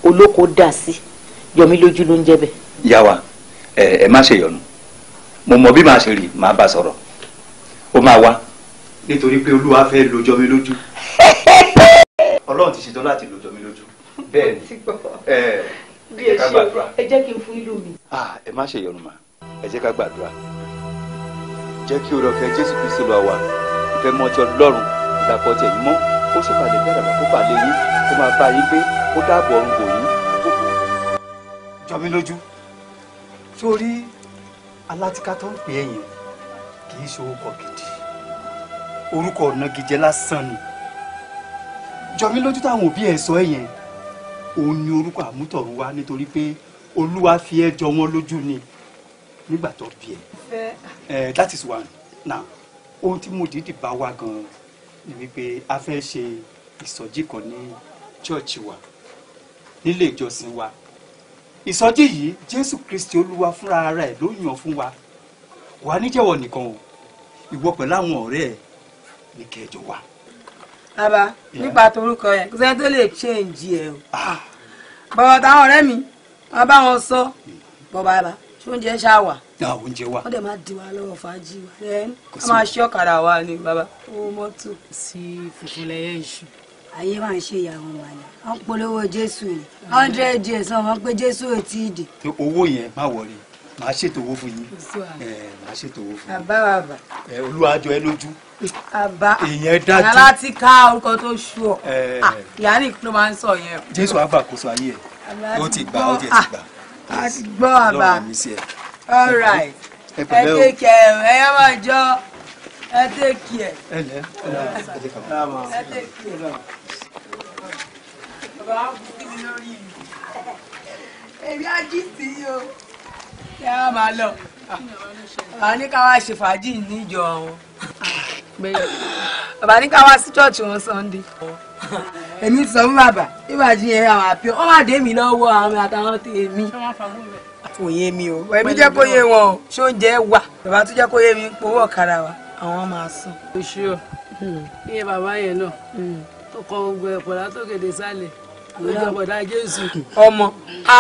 olóko dà sí yọmí lójú ló ń jẹ́ bẹ́ẹ̀. yàwá ẹ ẹ má ṣe yọnu mo mọ bí màá ṣe rí màá bá sọ̀rọ̀ ó máa wá nítorí pé olúwa fẹ́ lo jọmí lójú ọlọ́run ti ṣetán láti lo jọmí lójú bẹ́ẹ̀ ni ẹ ẹ ká gbàdúrà ẹ jẹ́ kí n fún ìlú mi. ẹ má ṣe yọnu mà ẹ jẹ́ ká gbàdúrà jẹ́ kí oore ọ̀fẹ́ jésù kristu lọ wà ìfẹ́ mọ́tì ọlọ́run ìdàpọ̀ tẹ̀yìn mọ́ ó sì pàdé bí àdàbà kó pàdé yín kó máa bá yín gbé kó dáàbò ọrùn bò yín. jọ mí lójú sórí alátìká tó ń pè é yẹn kì í ṣe orúkọ gidi orúkọ ìnagijẹ lásán ni jọ mí lójú táwọn òbí ẹ sọ ẹ yẹn òun ni orúkọ àmútọ̀runwá nítorí pé olúwa fi ẹ́ jọ wọ́n lójú ni nígbà tó bí ẹ. Eh, that is one now ohun tí mo dìídì bá wa gan-an wípé a fẹ́ ṣe ìsọjí kan ní chọ́ọ̀chì wa nílé ìjọsìn wa ìsọjí yìí jésù kristi olúwa fúnra rẹ̀ ló yàn fún wa wà níjẹ̀wọ̀ nìkan o ìwọ pẹ̀lú àwọn ọ̀rẹ́ ẹ̀ ní kẹjọ wa. bàbá nípa torúkọ yẹn kò tó lè change ẹ̀ o ah. bọ̀wọ̀ táwọn ọ̀rẹ́ mi wọ́n bá wọn sọ bọ́ bàbá ṣé oúnjẹ ṣáà wà. náà oúnjẹ wà. wọ́n dẹ̀ máa di wa lọ́wọ́ fàájì wa ẹn a máa ṣí ọ̀kadà wa ni bàbá owó mọ́tò. sí fùfú lẹ́yẹ iṣu. ayé máa ń ṣe ìyàwó wa ni wọ́n polówó jésù ni hundred years wọn mọ̀ pé jésù ò tí ì dé. owó yẹn má wọrí màá ṣètò owó fún yín màá ṣètò owó fún yín. àbá wa bà. olúwa jọ ẹ́ lójú àbá ìyá láti ká orúkọ tó ṣú ọ ah, ìyá nìkan ló máa ń sọ yẹn. jésù àgbàkóso ayé ẹ ó ti gbà ó ti gbà. Ah gbọ́ àbá all right ẹ máa jọ ẹ èmi á jí sí i o kí a máa lọ bàbá ní ká wá ṣe fàájì níjọ wọn bàbá ní ká wá sí ṣọ́ọ̀ṣì wọn Sunday. èmi sọ fún bàbá nígbà tí yẹn àwọn àpẹ ọ wà dé mi lọ́wọ́ àwọn àtàwọn tèmi òye mi o èmi jẹ́ kó yé wọn o ṣé oúnjẹ wà bàbá tó jẹ́ kó yé mi ń powó ọ̀kadà wa àwọn máa sùn. oṣù ọ iye bàbá yẹn náà hmm. tó kọ gbogbo ẹ̀kọ́ látòkèdè sálẹ̀ ló jẹ́ bọ̀dá Jésù. ọmọ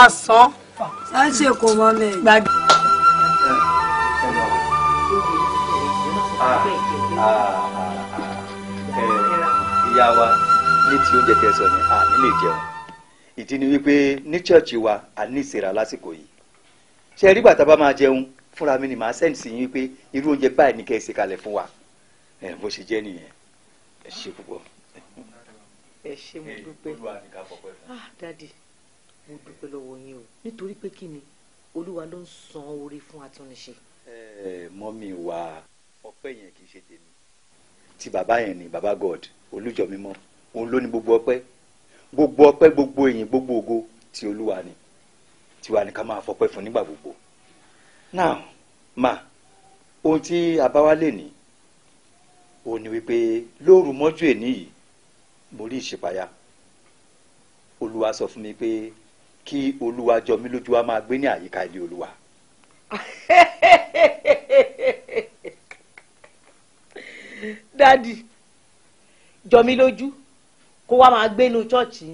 asán. sáṣẹ kò mọ mi. gbàgbé. Ah, ah, ah, ìyá wa ní ti oúnjẹ tẹ sọ ni àní lè jẹun ìdí ni wípé ní church wa a ní ìsera lásìkò yìí ṣe rí bàtà bá máa jẹun fúnra mi ni màá sẹ́ǹd sí yín wípé irú oúnjẹ báyìí ni kẹ́ ẹ ṣe kalẹ̀ fún wa bó ṣe jẹ́ nìyẹn ẹ ṣe púpọ̀. ẹ ṣe mo dúpẹ́ ah dadi mo dúpẹ́ lọ́wọ́ yín o nítorí pé kí ni olúwa ló ń san oore fún atúnṣe. ẹ mọ́mí wa ọpẹ́ yẹn kì í ṣe tèmi ti bàbá yẹn ni bàbá god olújọ mímọ́ òun ló ní gbogbo ọpẹ́ gbogbo ọpẹ́ gbogbo èyìn gbogbo ògo ti olúwa ni tiwa ni ká máa fọpẹ́ fún nígbà gbogbo now ma ohun tí a bá wá lè ní òun ni wípé lóru mọ́jú èní yìí mo rí ìṣípayá olúwa sọ fún mi pé kí olúwa jọ mí lójú wa máa gbé ní àyíká ilé olúwa. dadi jọ mí lójú kó wá máa gbé inú chọ́ọ̀chì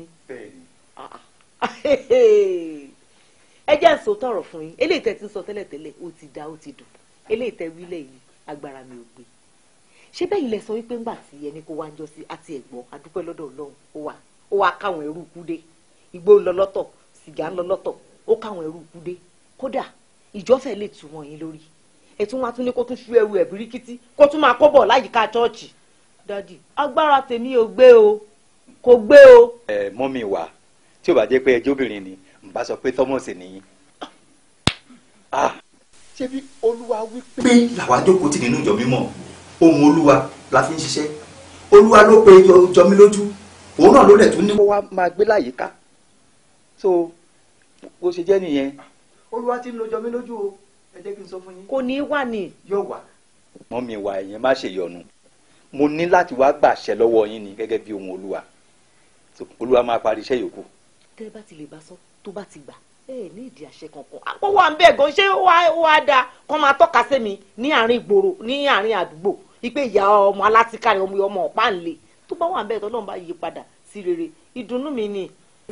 ẹ jẹ́ ń sọ tọ̀rọ̀ fún yín eléyìí tẹ́ ti ń sọ tẹ́lẹ̀tẹ́lẹ̀ ó ti da ó ti dùn eléyìí tẹ́ wílẹ̀ yìí agbára mi ò gbé ṣé bẹ́ẹ̀ ilẹ̀ sọ wípé ńgbà tí ẹni kó wá ń jọ sí àti ẹ̀gbọ́n adúpẹ́ lọ́dọ̀ ọlọ́run ó wà ó wá káwọn ẹrú kú dé igbó ń lọ lọ́tọ̀ sìgá ń lọ lọ́tọ̀ ó káwọn ẹrú kú kódà ìjọ́fẹ́ lè tù wọ́n yín lórí ẹ tún tún ní kó tún ṣú ẹrù ẹ̀ kó tún máa kó láyìíká chọ́ọ̀chì dádì agbára tèmi ò gbé o kò gbé o. ẹ mọ́mì wa tí ò bá jẹ́ pé ẹjọ́ obìnrin ni n bá sọ pé thomas nìyí. Ah. Ah. ṣé bí olúwa wí pé. pé làwa jókòó tì nínú ìjọ mímọ́ ohun olúwa la fi ń ṣiṣẹ́ olúwa ló pe jọ mí lójú òun náà ló lẹ̀ tún ní. kó wa máa gbé láyìíká so bó ṣe jẹ́ nìyẹn. olúwa ti ń lo jọ mí lójú o ẹ jẹ́ kí n sọ fún yín. kò ní í wà ní. yóò wà. mọ́mì wa ẹ̀yin má ṣe yọnu mo ní láti wá gbàṣẹ lọ́wọ́ yín ni gẹ́gẹ́ bí ohun olúwa olúwa máa parí iṣẹ́ yòókù. tẹ́ ẹ bá ti lè bá sọ tó bá ti gbà ẹ ní ìdí àṣẹ kankan. àpò wa ń bẹ̀ gan ṣé ó wá dáa kó máa tọ́ka sí mi ní àárín ìgboro ní àárín àdúgbò ipe ìyá ọmọ alátìkárẹ̀ ọmọ ọmọ ọ̀páǹlé tó bá wà ń bẹ̀ tọ́lọ́mùbá yí padà sí rere ìdùnnú mi ni.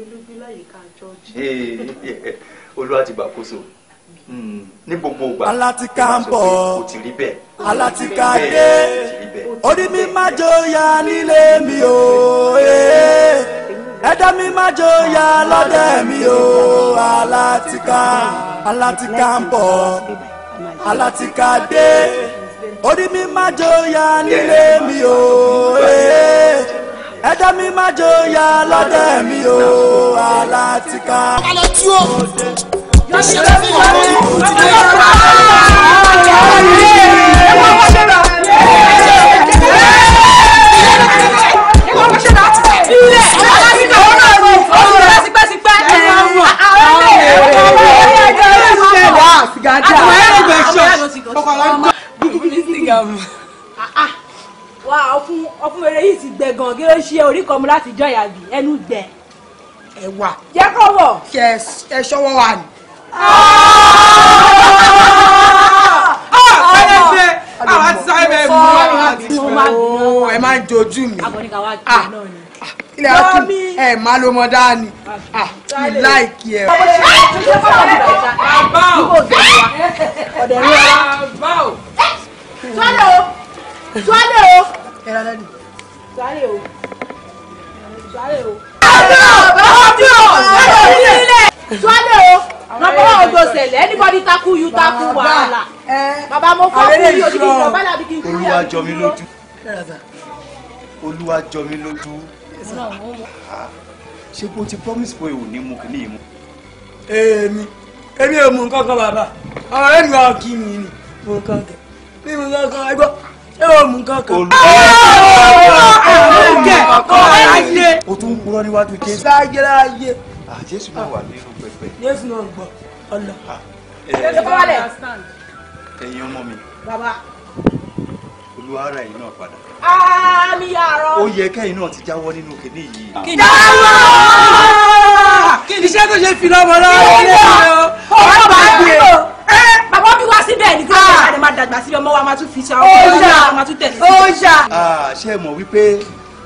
olúwa ti gbàkóso hmm. ní gbogbo ìgbà alátíkà ń bọ̀ alátíkà dé orí mi má jọyà nílé mi o. Eh ẹ̀dá mi má jòyà lọ́dẹ mi o alátìká alátìká ń bọ̀ alátìká dé orí mi má jòyà nílé mi o eh. ẹ̀dá mi má jòyà lọ́dẹ mi o alátìká. alẹ́ tí o ṣe é fún ọmọ ìkòtì. ẹ wọ́n wá dé náà. wa ọfun ọfun eré yìí ti gbẹ gan kí ló ṣe orí kan mu láti jọ ìyàbí ẹnu gbẹ. ẹ wà. jẹ́ kó wọ̀. kẹ ẹ ṣọwọ́ wa ni. ọ̀rẹ́ ṣe àwọn sáyẹn bẹ́ẹ̀ mú wa láti ṣe ẹ máa ń jojú mi. àbọ̀nìkà wa kì í náà ni ilẹ̀ àti ẹ̀ máa ló mọ dání you like ẹ̀. sọ́lẹ̀ o sọ́lẹ̀ o sọ́lẹ̀ o sọ́lẹ̀ o. Swallow. Bàbá wa odo sẹ̀lẹ̀ anybody tackle you tackle wàhálà. Bàbá mo fọ́ fún yóò di kí n sọ bá dàbí kí n kúrò. Olúwa jọ mí lójú. Olúwa jọ mí lójú ọlọ́run ó mọ. ti promise pé ò mú kí ní ìmú. èmi èmi ò mú nǹkan kan bàbá ọ̀rẹ́ mi wàá kí mi ni mú nǹkan kan mi mú nǹkan kan ẹgbọ́ ẹ ò mú nǹkan kan. olùkẹ́ ọkọ ayé. o tún ń níwájú jésù. sáyé láyé. jésù náà wà nínú pẹpẹ. jésù náà gbọ́ ọ̀nà. ẹ ẹ ẹyin ọmọ mi. bàbá olúwa ara yìí náà padà. àmì àrọ. ó yẹ kẹ́yìn náà ti jáwọ́ nínú kìnní yìí. jáwọ́. iṣẹ́ tó ṣe fi lọ́mọ lọ́wọ́ ilé rẹ̀ o. ọ̀rọ̀ bá gbé o. bàbá mi wá síbẹ̀ ní kí wọ́n lè máa dàgbà síbi ọmọ wa máa tún fi ṣe àwọn ọmọ wa máa tún tẹ̀lé. ó ṣá. ṣé ẹ mọ̀ wípé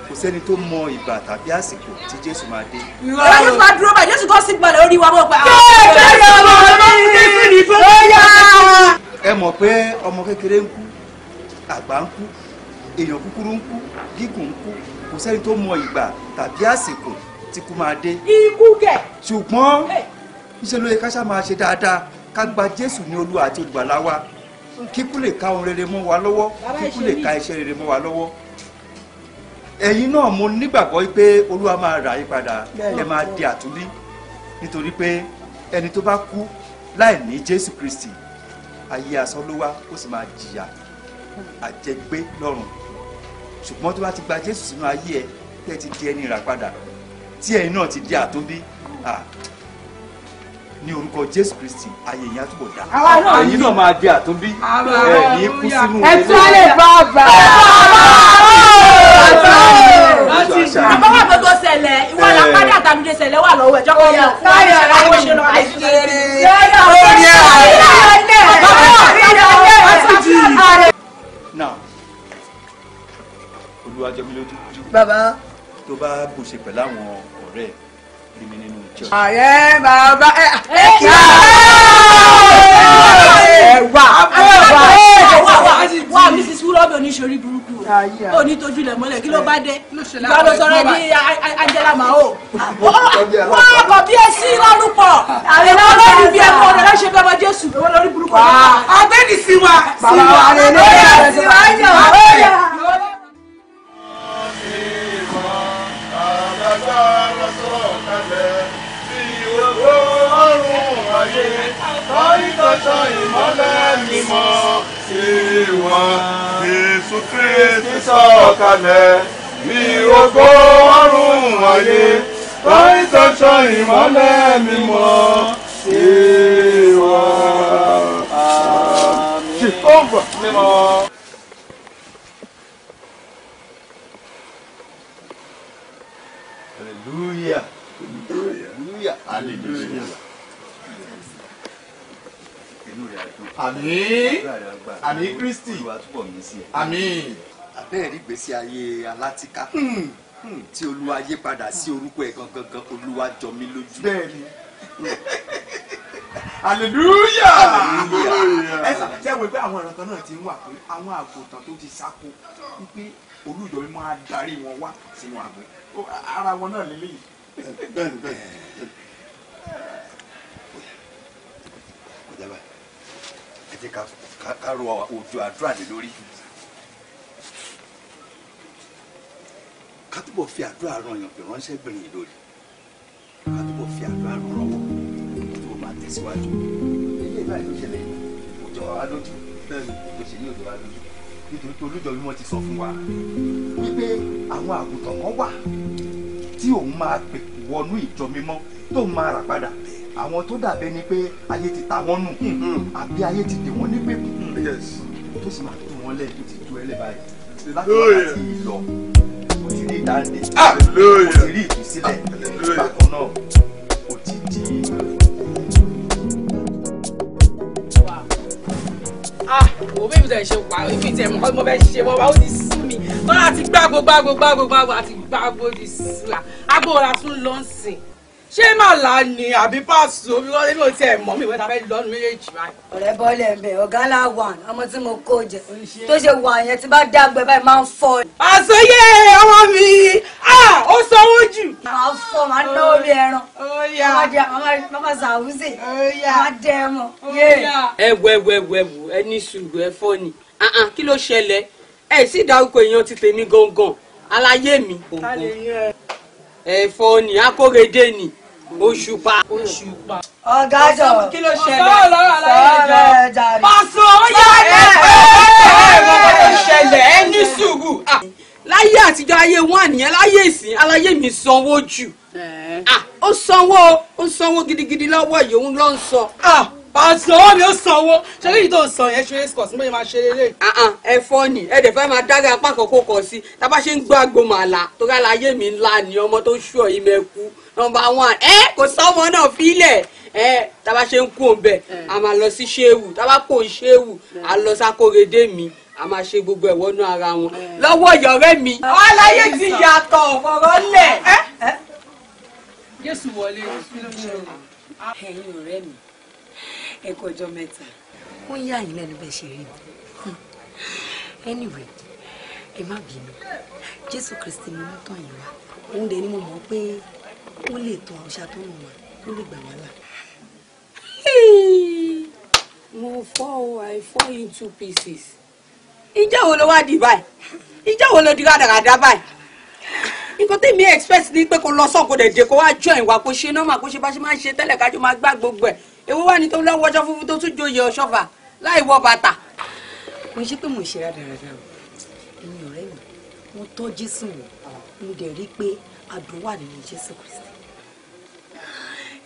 kò sẹ́ni tó mọ ìgbà tàbí àsìkò tí jésù máa dé. ìrọ̀lẹ́ jésù máa dúró báyìí jésù kò sí gbọ́dọ̀ orí wa mọ̀ pé. kéèké ah, ọmọ mi ó ẹ mọ̀ pé ọmọ kékeré ń kú àgbà ń kú èèyàn kúkúrú ń kú gígùn ń kú kò sẹ́ni tó mọ ìgbà tàbí àsìkò tí kú máa dé. ikú kẹ. ṣùgbọ́n níṣẹ́ ló yẹ ká ṣáà máa ṣe dáadáa ká gba jésù ní olúwa àti olùgbàlà wa kíkú lè ka ohun rere mọ́ wa lọ́wọ́ kíkú lè ka iṣẹ́ rere mọ́ wa lọ́wọ́ ẹ̀yin náà mo nígbàgbọ́ pé olúwa máa rà yín padà ẹ máa di àtúnbí nítorí pé ẹni tó bá kú láì ní jésù kristi ayé asán ó sì máa jìyà àjẹgbé lọ́rùn ṣùgbọ́n tó bá ti gba jésù sínú ayé ẹ tẹ́ ti di ẹni rà padà tí ẹ̀yin náà ti di àtúnbí ní orúkọ jésù kristi ayé yẹn á túbọ̀ dá ẹ̀yin náà máa di àtúnbí ẹ̀yin kú sínú ilé ẹ̀tún lè bá bá àbáwá tó tó ṣẹlẹ̀ ìwọ la pàdé àtàmìlẹ̀ ṣẹlẹ̀ wà lọ́wọ́ ẹ̀jọ́ kan yẹn fún ẹ̀yẹ ẹ̀rọ ṣe lọ àìsí rẹ̀. wá jẹ mí lójú. bàbá. tó bá gùn ṣe pẹ̀lú àwọn ọ̀rẹ́ ẹ̀ bí mi nínú church. ààrẹ bàbá ẹ ẹ kí á ẹ wà wà wà wà mrs wúlọ́bì oníṣòrí burúkú o ní tójú ilẹ̀ mọ́lẹ̀ kí ló bá dé ìgbà ló sọ̀rọ̀ ní Angela Mao wà á kọ̀ bí ẹsí lọ́lùpọ̀ àlẹ́ náà lórí bí ẹ̀kọ́ ọ̀dọ̀ láṣẹ bẹ́ẹ̀ bá Jésù wọ́n lórí burúkú. àbẹ́ni sí wa sí wa àlẹ́ náà sí wa àlẹ́ náà. agbára sọ̀rọ̀ kalẹ̀ sí ìwòwò ọ̀run ayé tọ́yìntọ́sọ ìmọ́lẹ̀ mímọ́ ìwà Jésù Kristi sọ̀rọ̀ kalẹ̀ ní ògbó ọ̀run ayé tọ́yìntọ́sọ ìmọ́lẹ̀ mímọ́ ìwà. Mímọ́. àmín àmín kristi àmín. abẹ́ẹ̀rí gbèsè ayé alátìká hmm. hmm. tí olúwa yé padà sí orúkọ ẹ̀ gangan gan olúwa jọ mí lójú. bẹ́ẹ̀ni aleluya ẹ sà ṣe wo pé àwọn ìrànkan náà ti ń wà pé àwọn àgùntàn tó ti sáko wípé olùdó mi máa darí wọn wá sínú àgbẹ̀ ara wọn náà lélẹ́yìn. bẹ́ẹ̀ni bẹ́ẹ̀ni. jẹ́ ká rọ òjò àdúrà lé lórí ká túbọ̀ fi àdúrà ran èèyàn pè ránṣẹ́ bìnrin yìí lórí ká túbọ̀ fi àdúrà ran ọwọ́ ká túbọ̀ máa tẹ̀síwájú ilé ìgbà yóò ṣẹlẹ̀ òjò wa lójú bẹ́ẹ̀ni kò ṣe ní òjò wa lójú nítorí pé olùjọ mímọ́ ti sọ fún wa wípé àwọn àgùntàn kan wà tí òun máa pè wọnú ìjọ mímọ́ tóun máa rà padà bẹ́ẹ̀ àwọn tó dàbẹ́ ni pé ayé ti ta wọ́n nù mm-hmm. àbí ayé ti dè wọ́n nígbèkùn mm-hmm. tó sì máa tó wọn lẹ̀ tó ti ju ẹlẹ́ báyìí láti wákàtí ìlọ o ti rí ìdáǹdè ah! o ti rí ìtúsílẹ̀ bákan náà o ti di. Ah, wo bí mi tẹ̀ ṣe wà ibi tẹ̀ mọ́ mo fẹ́ ṣe wọ́n bá ó ti sú mi tọ́lá ti gbàgbó gbàgbó gbàgbó gbàgbó àti gbàgbó ti sú la agbóhùn la tún lọ́ọ̀sìn ṣé màlá ni àbí páàsì omi wọn níbi òtí ẹ mọ mi ìwé ta fẹ lọnu méjèèjì báyìí. ọ̀rẹ́ bọ́ọ̀lù ẹ̀mẹ̀ ọ̀gá làwà ọmọ tí mo kó jẹ tó ṣe wà yẹn tí bá dàgbẹ́ báyìí máa ń fọ́. àsọyé ọmọ mi ó sanwó jù. màá fọ màá ná orí ẹran màá dẹ ẹ mọ. ẹ wẹ wẹ wẹ wù ẹ ní sùúrù ẹ ni kí ló ṣẹlẹ̀ ẹ sì dárúkọ èèyàn ti tèmi gangan aláyé mi ẹ̀fọ́ ni akórèdè ni òṣùpá. òṣùpá. ọ̀gá jọ kí ló ṣẹlẹ̀ sọ̀rọ̀ ẹja rẹ̀. pàṣẹ ọ̀yà ẹ̀fọ́ ṣẹlẹ̀ ẹ ní sùúrù. láyé àtijọ́ ayé wọn àníyàn láyé ìsìn aláyé mi sanwó jù. ó sanwó ó sanwó gidigidi lọ́wọ́ yìí òun ló ń sọ ọ̀sánwó mi ò sanwó ṣé kí ni tó san yẹn ṣe é sọ̀ sí bóyá máa ṣe lélẹ̀. Ah, ah, ẹ̀fọ́ ni ẹ dẹ̀ fẹ́ máa dága apá àkọ́kọ́ kọ̀ sí tábà ṣe ń gbọ́ àgbò màlà tó ká la mi ńlá ni ọmọ tó ṣù ọ̀yìn mẹ́kú nọmba one ẹ kò sọ́mọ náà fílẹ̀ ẹ tábà ṣe ń kú òǹbẹ̀ a máa lọ sí ṣéwù tábà kò ń ṣéwù a lọ sákòrédé mi a máa ṣe gbogbo ẹ̀ wọnú ara wọn lọ́wọ́ ìyọ̀rẹ́ mi. ọláyé ti yàtọ̀ fọ̀rọ̀ lẹ̀. Jésù wọlé ẹ̀yin ọ̀rẹ́ mi ẹ kú ọjọ́ mẹ́ta ó ń yà yín lẹ́nu ṣe rí mi anyway ẹ má bínú jésù kristi ni wọ́n tàn yín wá òun dẹ̀ ni mo mọ̀ pé ó lè tọ àwùjá tó rùn wá ó lè gbà wá là. mo fọ́ o i fall in two pieces. ìjà wo ló wá di báyìí ìjà wo ló di rádaràda báyìí nǹkan tèmi expect ni pé kó lọ sọ́kò dẹ̀ kó wá join wa kó ṣe normal kó ṣe bá ṣe máa ń ṣe tẹ́lẹ̀ kájọ máa gbá gbogbo ẹ̀ èwo wà ní tó lọ́wọ́ ọjọ́ fúnfún tó tún joyè ọ̀ṣọ́fà láì wọ bàtà. mo ṣe pé mo ṣe ra dáradára ẹ̀yin ọ̀rẹ́ mi mo tọ́ jésù wò mo dẹ̀ rí i pé adùn wà nínú jésù kristi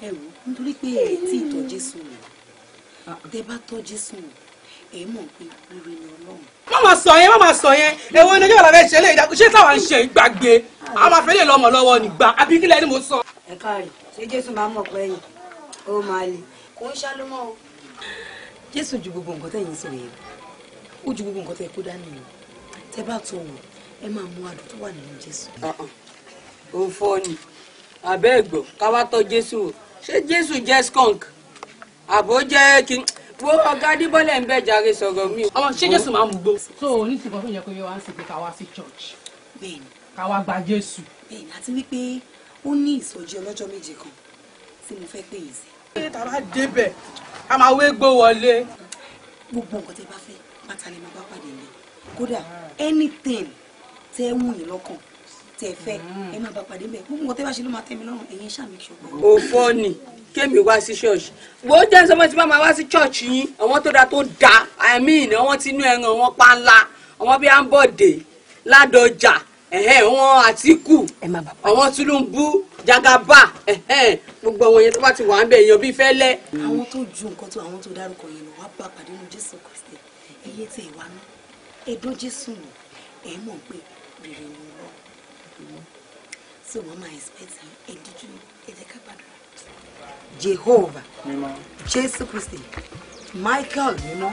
ẹ wò nítorí pé ẹ tí ì tọ́ jésù wò tẹ bá tọ́ jésù wò ẹ mọ̀ pé rere ni ọlọ́run. má máa sọ yẹn má máa sọ yẹn èwo ni ojú ọ̀la fẹ́ ṣe eléyìí ṣé táwọn ṣe ìgbàgbé àwọn máa fẹ́ lè lọ́mọ lọ́wọ́ nígbà àbí kílẹ̀ mo sọ. ẹ káàárẹ̀ ṣé jésù máa mọ̀ pé ó máa le kò ń ṣálómọ́ o. jésù ju gbogbo nǹkan tẹ̀yìn sọ yìí ó ju gbogbo nǹkan tẹ̀ dání o tẹ bá tó wò ẹ máa mú adùn tó wà nínú jésù. ò ń ni àbẹ́ ẹ̀gbọ́ káwá tọ́ jésù o ṣé jésù jẹ́ skunk àbò jẹ́ kí wo ọ̀gá adébọ́lẹ̀ ń bẹ̀ jàre sọ̀rọ̀ mi. ọmọ ṣé jésù máa ń gbó. so ní ti bọ́sùn yẹ kó yẹ wá sí pé ká wá sí church ká gba jésù. bẹ́ẹ̀ni àti wípé ó ní ìsọjí ọlọ́jọ́ méje kan tí mo fẹ́ pè yìí sí. ṣé tàbá débẹ̀ a máa wé gbó wọlé. gbogbo nǹkan tẹ bá fẹ́ bàtà lè máa bá pàdé mi kódà anything tẹ ń wùn yín lọ́kàn tẹ fẹ́ ẹ máa bá pàdé mi gbogbo nǹkan tẹ bá ṣe ló máa tẹ́ mi lọ́rùn ẹ̀yin ṣàmì ṣọ̀gbọ́n. òfò ni kémi wá sí ṣọ́ọ̀ṣì wo jẹ́ sọmọ tí bá máa wá sí ṣọ́ọ̀ṣì yín àwọn tó da tó da i mean àwọn tí inú ẹran wọn pa ńlá àwọn bí à ń bọ̀ dé ládọjà wọn Àtíkù àwọn Tinubu Jagaba gbogbo àwọn yẹn tó bá ti wà ń èèyàn bíi fẹ́lẹ́. àwọn tó ju nǹkan tó àwọn tó dárúkọ yẹn lọ wá bá pàdé nu Jésù Kristi iye tí ìwà náà èdò Jésù nù ẹ mọ̀ pé rere ni lọ so wọn máa expect ẹdíjú ẹjẹ ká Jehovah Jésù Kristi Michael mímọ́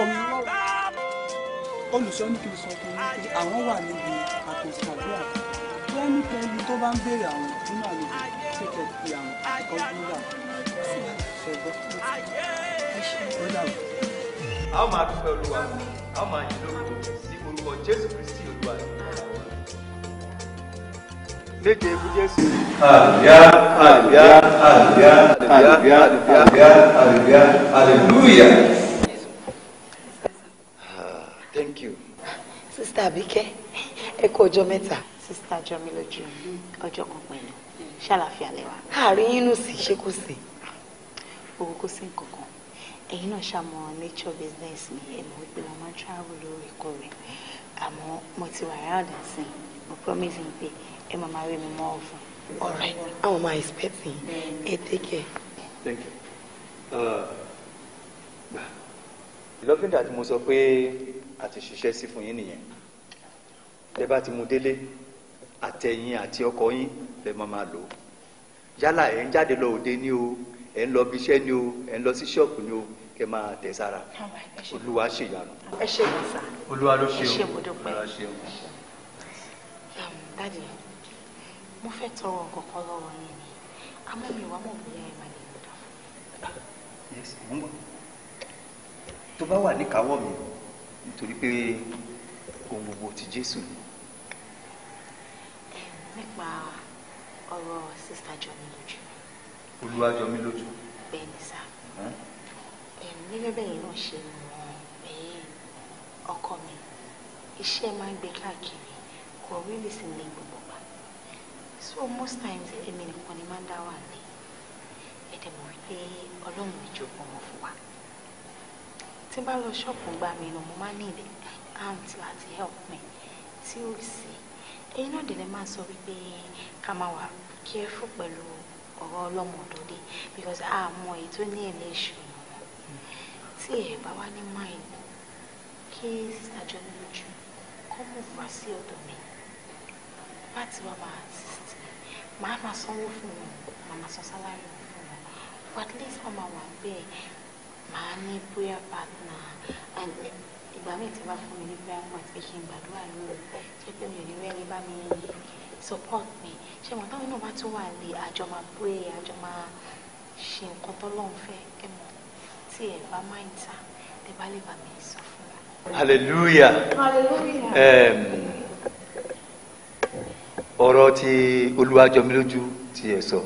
Ọlọ́run olùṣọ́ ní kí n sọ fún un pé àwọn wà níbi àtòsíkàdúrà wọ́n ní pé tó bá ń béèrè àwọn nínú àlejò ṣe kẹ̀ pé àwọn ẹ̀kọ́ gbúdà ṣẹ̀gbọ́. a ó máa dúpẹ́ olúwa a ó máa yìn lóko sí orúkọ jésù kristi olúwa léde ebu jésù. àlùyá àlùyá àlùyá àlùyá àlùyá àlùyá àlùyá àlùyá. sista Abíkẹ́ ẹ kú ọjọ́ sista jọ mi lójú ọjọ́ kan pẹ̀lú ṣàlàfíà lẹ́wà. àárín inú sí ṣé kò sí. owó kò sí nǹkan kan náà ṣàmọ nature business mi ẹ mọ̀ wípé mo máa ń travel lóòrèkóòrè àmọ́ mo ti wà around and sin mo promise mi pé ẹ máa máa rí mi mọ́ ọ̀fun. all àwọn máa expect yín ẹ take care. thank you. Uh, ìlọ́fíńdà tí mo sọ pé a ti ṣiṣẹ́ sí fún yín nìyẹn bẹ́ẹ̀ bá ti mú délé àtẹ̀yìn àti ọkọ yín lẹ́ẹ̀ máa máa lò ó yálà ẹ̀ ń jáde lọ òde ni o ẹ̀ ń lọ bí iṣẹ́ ni o ẹ̀ ń lọ sí ṣọ́ọ̀kù ni o kẹ́ máa tẹ̀ sára olúwa ṣèyanu. ẹ ṣe mọ sá olúwa ló ṣe o ẹ ṣe mo dúpẹ́ um, mo fẹ́ tọrọ nǹkan kan lọ́wọ́ yín ni àmọ́ mi wàá mọ̀ bóyá ẹ máa lè mú tó bá wà níkàáwọ́ mi nítorí pé ohun gbogbo ti Jésù ni. nípa ọ̀rọ̀ sista Jọmilójú. Olúwa Jọmilójú. bẹ́ẹ̀ni sá gẹ́gẹ́ bẹ́yìn náà ṣe mọ̀ pé ọkọ mi iṣẹ́ máa ń gbé káàkiri kò rí lè sí ní gbogbo pa so most times èmi nìkan ni máa ń dá wà ní ẹ̀dẹ̀ mọ̀ wípé ọlọ́run ìjogún ọmọ fún wa tí bá lọ ṣọ́ọ̀pù gbà mí nù mo máa ní ìdẹ̀ aunt láti help me tí ó sì ẹ̀yin náà dẹ̀ lè máa sọ wípé ká máa wà careful pẹ̀lú ọ̀rọ̀ ọlọ́mọdọ́dé because a mọ èyí tó ní ẹ̀lẹ́ ìṣòro wọn tí ẹ̀ bá wá mind kí sísàjọ lójú kọ́ mọ̀ wá sí ọ̀dọ̀ mi láti wá máa assist màá máa sanwó fún wọn màá máa san sálárì fún wọn but at least wọ́n máa wà bẹ́ẹ̀ màá ní prayer partner and ìgbà míì tí wọ́n fún mi ní prayer point pé kí n gbàdúrà lóru ṣé pé mi ò ní rẹ́ni bá mi support mi ṣé mo táwọn náà bá tún wà lè àjọ máa pray àjọ máa ṣe nǹkan tó lọ́n fẹ́ ẹ mọ̀ tí ẹ bá máa ń ta tẹ bá lè bá mi sọ fún wa. hallelujah hallelujah ọ̀rọ̀ tí olúwàjọmílójú ti ẹ̀ sọ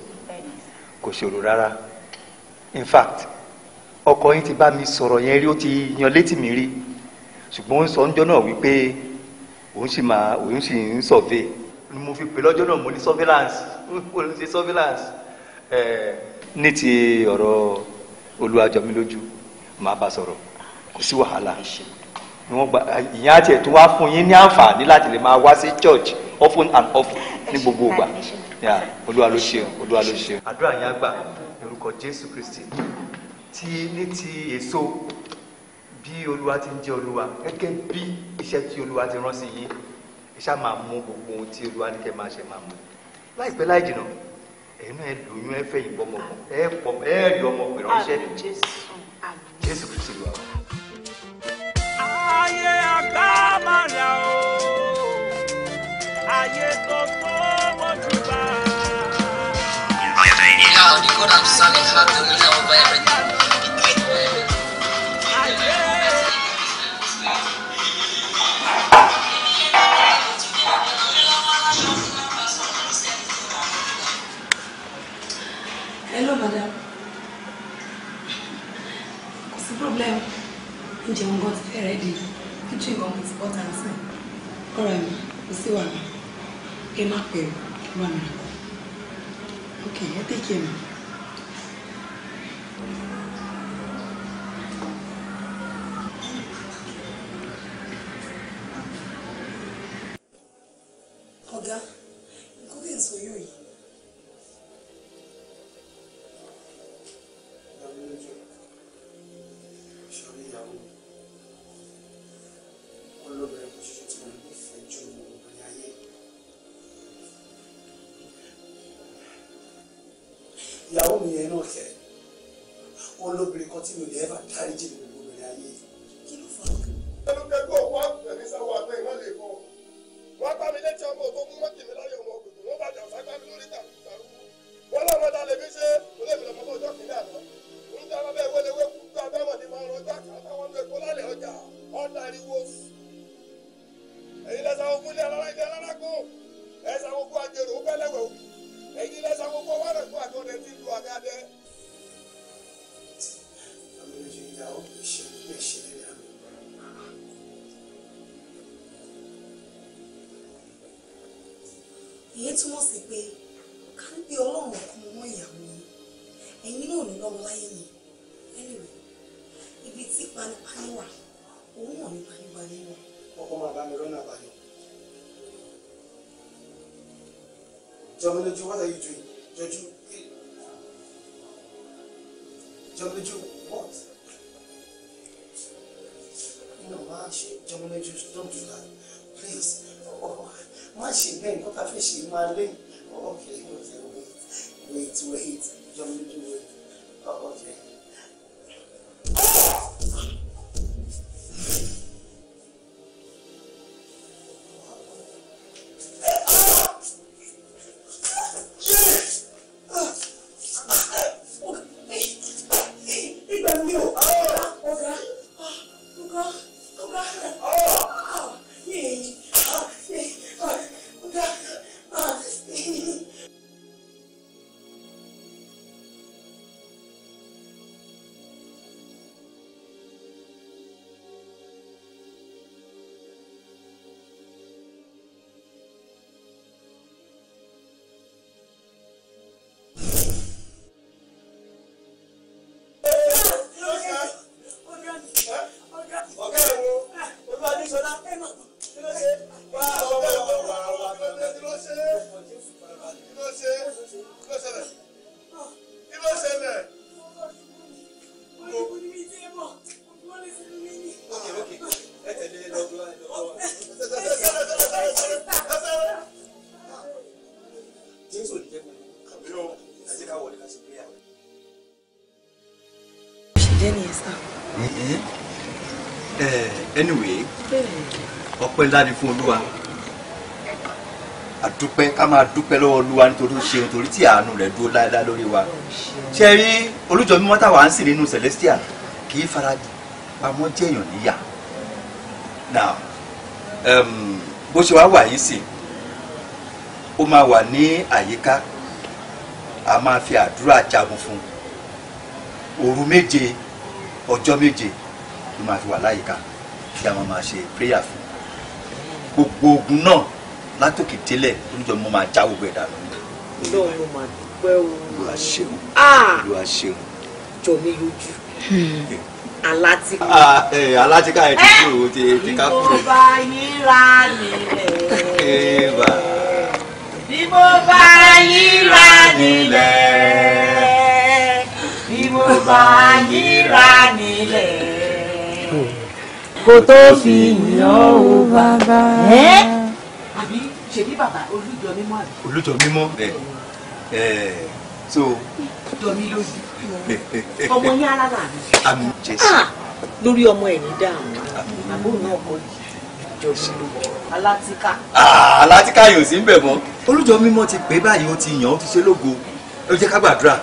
kò ṣòro rárá in fact ọkọ yín ti bá mi sọ̀rọ̀ yẹn rí ó ti yan létí mi rí ṣùgbọ́n ó ń sọ ọjọ́ náà wípé òun sì máa òun sì ń sọ̀vé ni mo fi pè lọ́jọ́ náà mo ní surveillance mo ní ṣe surveillance ní ti ọ̀rọ̀ olùwàjọmílójú màá bá sọ̀rọ̀ kò sí wàhálà ìyẹn àti ẹ̀tún wá fún yín ní àǹfààní láti lè máa wá sí church often and often ní gbogbo ìgbà olúwa ló ṣe olúwa ló ṣe. àdúrà yín á gbà lórúkọ jésù kristi tí ní ti èso tí olúwa ti ń jẹ́ olúwa gẹ́gẹ́ bí iṣẹ́ tí olúwa ti rán sí yín ẹ máa mú gbogbo ohun tí olúwa ní kẹ́ máa ṣe máa mú láìpẹ́ láì jìnnà ẹnu ẹ lóyún ẹ fẹ́ yìnbọn ẹ pọ ẹ lọ ọmọ pẹ̀lú ọṣẹ jésù kristu lọ. ayé àká màdà o ayé tó tó mo ti bá. ìyá òdìgbò náà sáré fún àtúnilẹ̀ ọba ẹ̀rẹ̀ ní. òun gan ti fẹ́ rẹ̀ di kíchìn gan ti bọ́ tàn sí. ọ̀rọ̀ mi kò sí wàhálà kí n má pẹ̀lú wà mí. Jamiloju, what are you doing? Joju, Jamiloju, what? No, má ṣe, Jamiloju, don't do that. Please. Oh, má ṣe bẹ́ẹ̀ nǹkan tá a fẹ́ ṣe máa lé. Okay, okay, wait, wait, wait. Jamiloju, wait. Oh, okay. anyway ọpẹ́ ńlá ni fún olúwa àdúpẹ́ ká máa dúpẹ́ lọ́wọ́ olúwa nítorí ó ṣeun torí tí àánú rẹ̀ dúró láéláé lórí wa ṣe rí olùjọ mímọ́ táwa ń sìn nínú celestial kì í fara pamọ́ jẹ̀yàn níyà now um, bó ṣe wá wà yìí sìn ó máa wà ní àyíká a máa fi àdúrà jagun fún òru méje ọjọ́ méje ló máa fi wà láyìíká tí a máa máa ṣe prayer fún gbogbo ogun náà látòkè délẹ̀ olùjọ mo máa já gbogbo ẹ̀dá lọ. lọ́wọ́ mo máa dúpẹ́ o. olúwa ṣeun ah! olúwa ṣeun. jọ mi lójú aláti. Ah, ẹ ti eh! kúrò ti ti ká kúrò. bí mo bá yín ra nílẹ̀. bí mo bá yín ra nílẹ̀. bí mo bá yín ra nílẹ̀ kó tó fi yàn ó bàbá. àbí ṣèbí bàbá olùjọ mímọ́ àbí. olùjọ mímọ́ ẹ ẹ so. jọ mi lójú ọmọ yín ara náà mi. àmín jésù. Ah! lórí ọmọ ẹ̀ ní dáhùn àbúrò náà kọ́ ah, yìí alátíká. alátíká yóò sí ń bẹ̀ mọ́ olùjọ mímọ́ ti pè báyìí ó ti yàn ó ti ṣe lógo ó jẹ́ ká gbàdúrà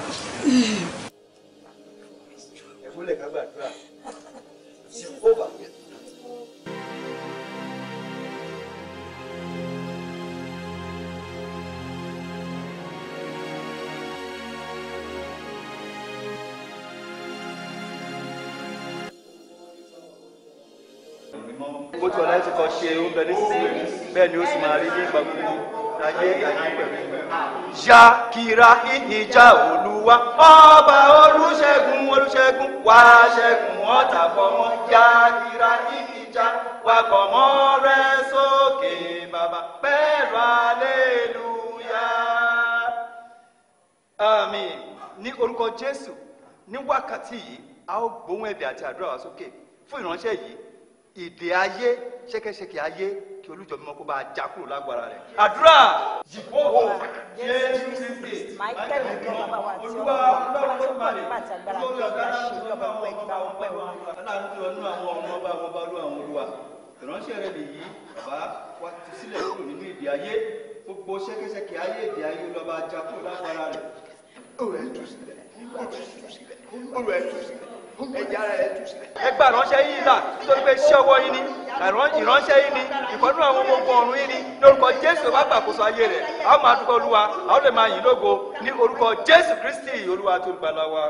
ń bẹ bẹ́ẹ̀ ni ó sì máa rí ní ọba olùṣègùn olùṣègùn wá ṣẹ́gun ọ̀tá fọmọ kira ihija wà fọmọ rẹ sókè bàbá pẹ̀lú aleluya. Àmín ní orúkọ Jésù ní wákàtí yìí a ó gbóhùn àti àdúrà ìdè ayé ṣékéṣéké ayé kí olùjọ́mọ́ kó bá a já kúrò lágbára rẹ̀. àdúrà yìí ó Jésù Kristi máìkẹ́lì ọ̀gá bàbá wa àti ọ̀gá bàbá tó pàdé pàtì agbára tó ọ̀gá ṣe ìjọba ọ̀pẹ ìgbà ọ̀pẹ wa. aláàánú tí wọn àwọn ọmọ ọba àwọn ọba ló àwọn olúwa ìránṣẹ́ rẹ̀ nìyí bàbá wa ti sílẹ̀ kúrò nínú ìdè ayé gbogbo ṣékéṣéké ayé ìdè ayé lọ́ba já kúrò lágbára rẹ̀. ó rẹ̀ tú sílẹ̀ ẹ̀jẹ̀ ara rẹ̀ tú sílẹ̀. ẹ gba ìránṣẹ́ yìí là nítorí pé iṣẹ́ ọwọ́ yìí ni ìránṣẹ́ yìí ni ìfọ́nú àwọn ọmọ ogun ọ̀run yìí ni lórúkọ jésù bá gbàkóso ayé rẹ̀ a ó máa dúpẹ́ olúwa a ó lè máa yìn lógo ní orúkọ jésù kristi olúwa tó gbàlà wa.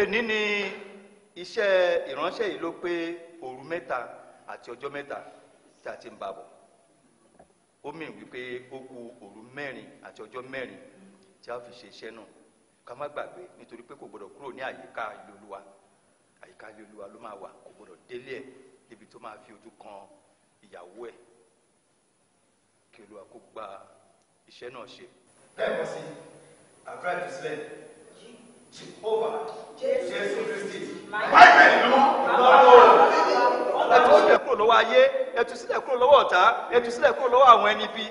èní ni iṣẹ́ ìránṣẹ́ yìí ló pé òru mẹ́ta àti ọjọ́ mẹ́ta tí a ti ń bá bọ̀ ó mì wípé ó kù òru mẹ́rin àti ọjọ́ mẹ́rin tí a fi ṣe iṣẹ́ náà ká má gbàgbé nítorí pé kò gbọdọ̀ kúrò ní àyíká ilé olúwa àyíká ilé olúwa ló máa wà kò gbọdọ̀ délé ẹ̀ débi tó máa fi ojú kan ìyàwó ẹ̀ kí olúwa kó gba iṣẹ́ náà ṣe. lẹ́ẹ̀kan sí àdúrà ìtúsílẹ̀ jehovah jésù kristi báyìí ló lọ́wọ́ ẹ tú sílẹ̀ kúrò lọ́wọ́ ayé ẹ tú sílẹ̀ kúrò lọ́wọ́ ọ̀tá ẹ tú sílẹ̀ kúrò lọ́wọ́ àwọn ẹni bíi.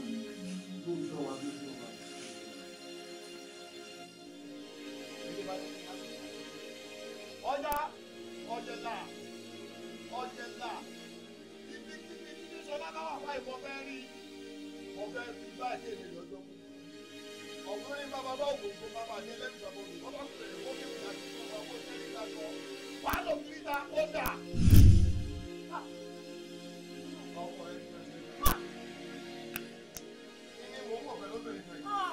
tó ń sọ wà ní ìlú wa. ọjà ọjẹlá ọjẹlá ibi kíbi kíbi sọlá bá wà wá ìwọ fẹ́ rí ọ̀fẹ́ rí báyìí èdè lọ́jọ́ mú ọkùnrin bàbá bá òkòkò bàbá ní ẹlẹ́gbẹ̀ẹ́ bàbá mi wọ́n bá kúrẹ̀ wọ́n bí wọ́n ti sọ wọn kó tẹ́lẹ̀ ká sọ wàá lọ kiri ta ó dà. ọkọ ẹ pọ̀ pẹ̀lú obìnrin náà.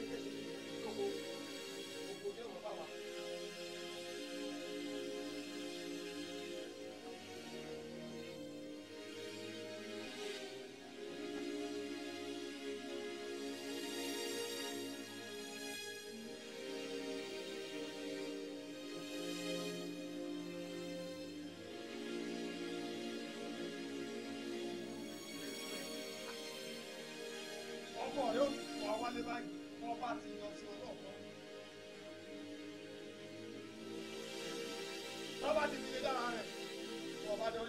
Thank you. báyìí wọ́n bá ti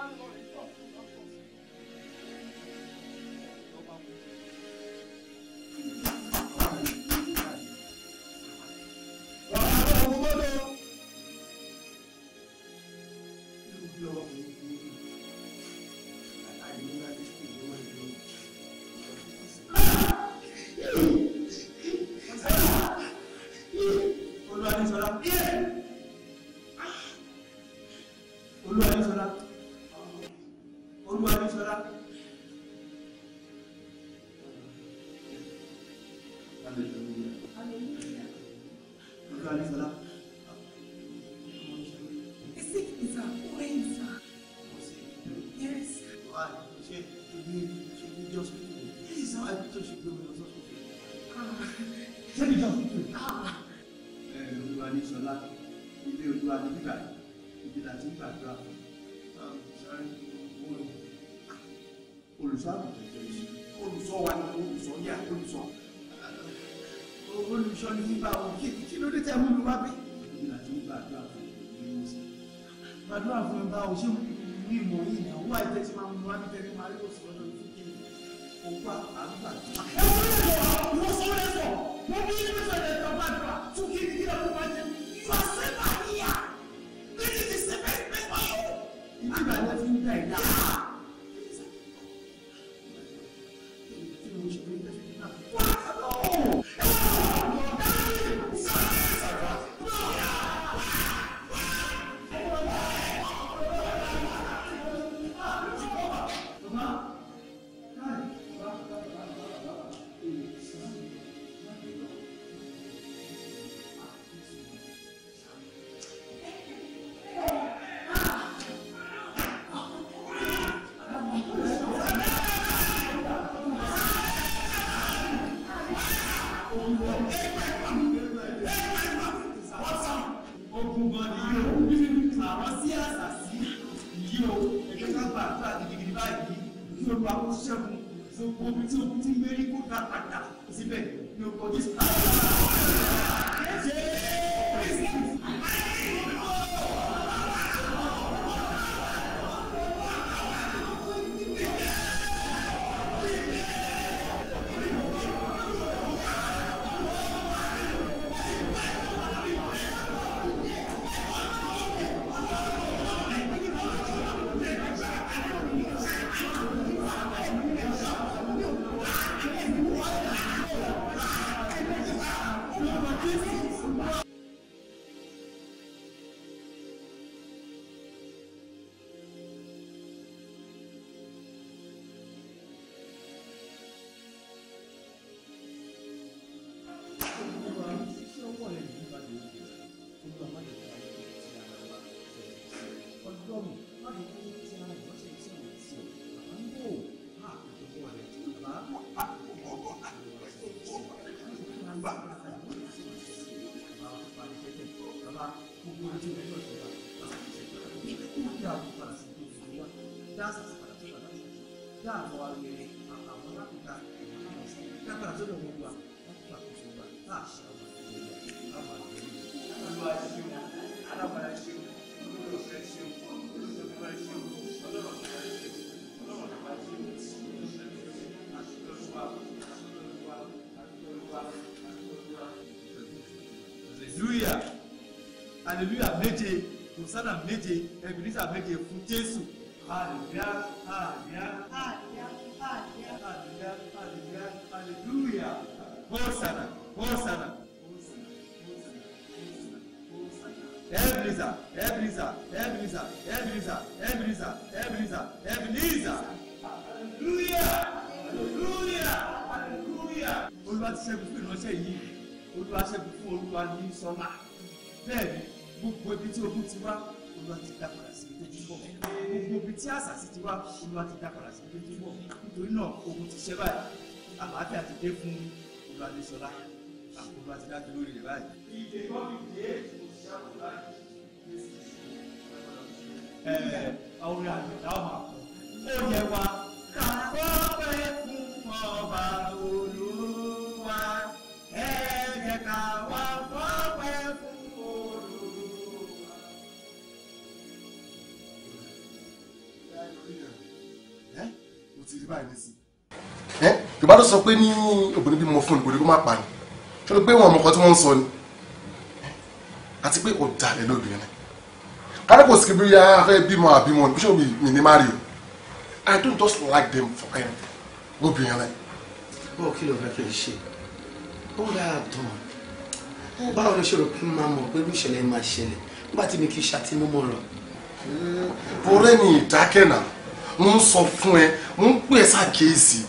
yan olùṣọ́ olùṣọ́ wa ni olùṣọ́ yà olùṣọ́ olùṣọ́ ni yín bá wọn kí ló dé tẹ́ mú mi wá bí. ìlànà tí ó bá àdúrà fún mi ní ìwòsàn àdúrà fún mi bá ọ ṣé mi mọ̀ ní ìnáwó àìjẹ́ osana méje ebenezer méje fún jésù hallelujah hallelujah hallelujah hallelujah hallelujah hallelujah osana osana. Ebenezer, Ebenezer, Ebenezer, Ebenezer, Ebenezer, Ebenezer, Ebenezer. Hallelujah! Hallelujah! Hallelujah! Olúwa ti ṣẹ́gun fún ìránṣẹ́ yìí, Olúwa ṣẹ́gun fún Olúwa ní sọ́mà. Bẹ́ẹ̀ni tí ogun ti wá olúwa ti dá padà sí ibi gbogbo ibi tí àṣà sì ti wá olúwa ti dá padà sí ibi nítorí náà ogun ti ṣẹ́ báyìí àlàáfíà ti dé fún olúwa ní sọlá àkókò àti dájú lórí rẹ̀ báyìí. ìdè wọn fi dé òṣìṣẹ́ àkókò láti ẹ àwọn àgbẹ̀dá ọmọ àpò ó yẹ wa ká pẹ́ fún ọba o. ti rí báyìí sọ pé ní obìnrin bímọ fún olùgbòdì kó má pa ni ṣé ló pé wọn ọmọkọ tí wọn ń sọ ni àti pé ọ̀dàlẹ̀ lóbìnrin kárẹ́kọ̀ sikibiri afẹ́ bímọ àbímọ ní bíṣọ̀ mi ní mario i don't just like them for kind lóbìnrin rẹ. bọ́ọ̀ kí ló fẹ́ fẹ́ ṣe ó dáa tán báwo ló ṣe rò pé máa mọ̀ pé ìṣẹ̀lẹ̀ máa ṣẹlẹ̀ nígbà tí mi kì í ṣàtìmọ́mọ́ rọ̀. ọ̀rẹ́ ni ìdákẹ́ náà mo ń sọ fún ẹ mo ń pè ẹ ṣàkíyèsí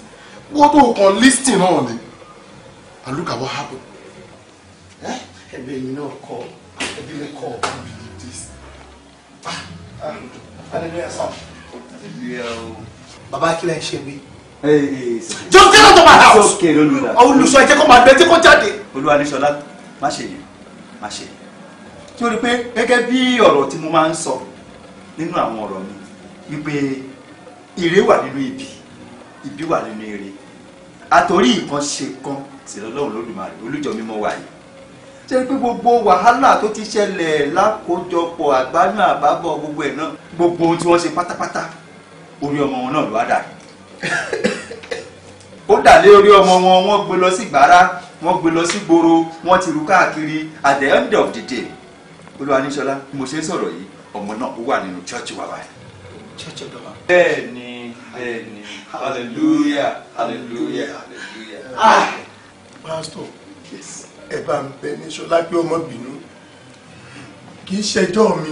wọ́n tó kàn lísítì náà ni and look at what happened. ẹbí mi náà kọ ẹbí mi kọ baba ah, ah, kí lẹ ń ṣe wí. jọ kí ló tó máa house. okay don't do that. olùsọ ẹ jẹ́ kó máa bẹ ẹ jẹ́ kó jáde. olúwaníṣọlá má ṣe yẹn má ṣe yẹn tí o rí pé gẹ́gẹ́ bí ọ̀rọ̀ tí mo máa ń sọ nínú àwọn ọ̀rọ̀ mi wípé ire wà nínú ibi ibi wà nínú ire àtòrí nǹkan ṣe kan tìrọlọ́run lódùmarè olùjọ mímọ́ wà yìí ṣe pé gbogbo wàhálà tó ti ṣẹlẹ̀ lákòójọpọ̀ àgbáná àbábọ̀ gbogbo ẹ̀ náà gbogbo ohun tí wọ́n ṣe pátápátá orí ọmọ wọn náà ló wá dà ó dà lé orí ọmọ wọn wọ́n gbé lọ sí gbàrà wọ́n gbé lọ sí gbòòrò wọ́n ti rú káàkiri at the end of the day olúwa níṣọlá mo ṣe ń sọ̀rọ̀ yìí ọmọ náà ó wà nínú chọ́ọ̀chì wa báyìí. bẹ́ẹ̀ ni Hallelujah! hallelujah hallelujah Ah, pastor yes. bá ń bẹ ní sọlá pé ọmọ bínú kì í ṣẹjọ́ mi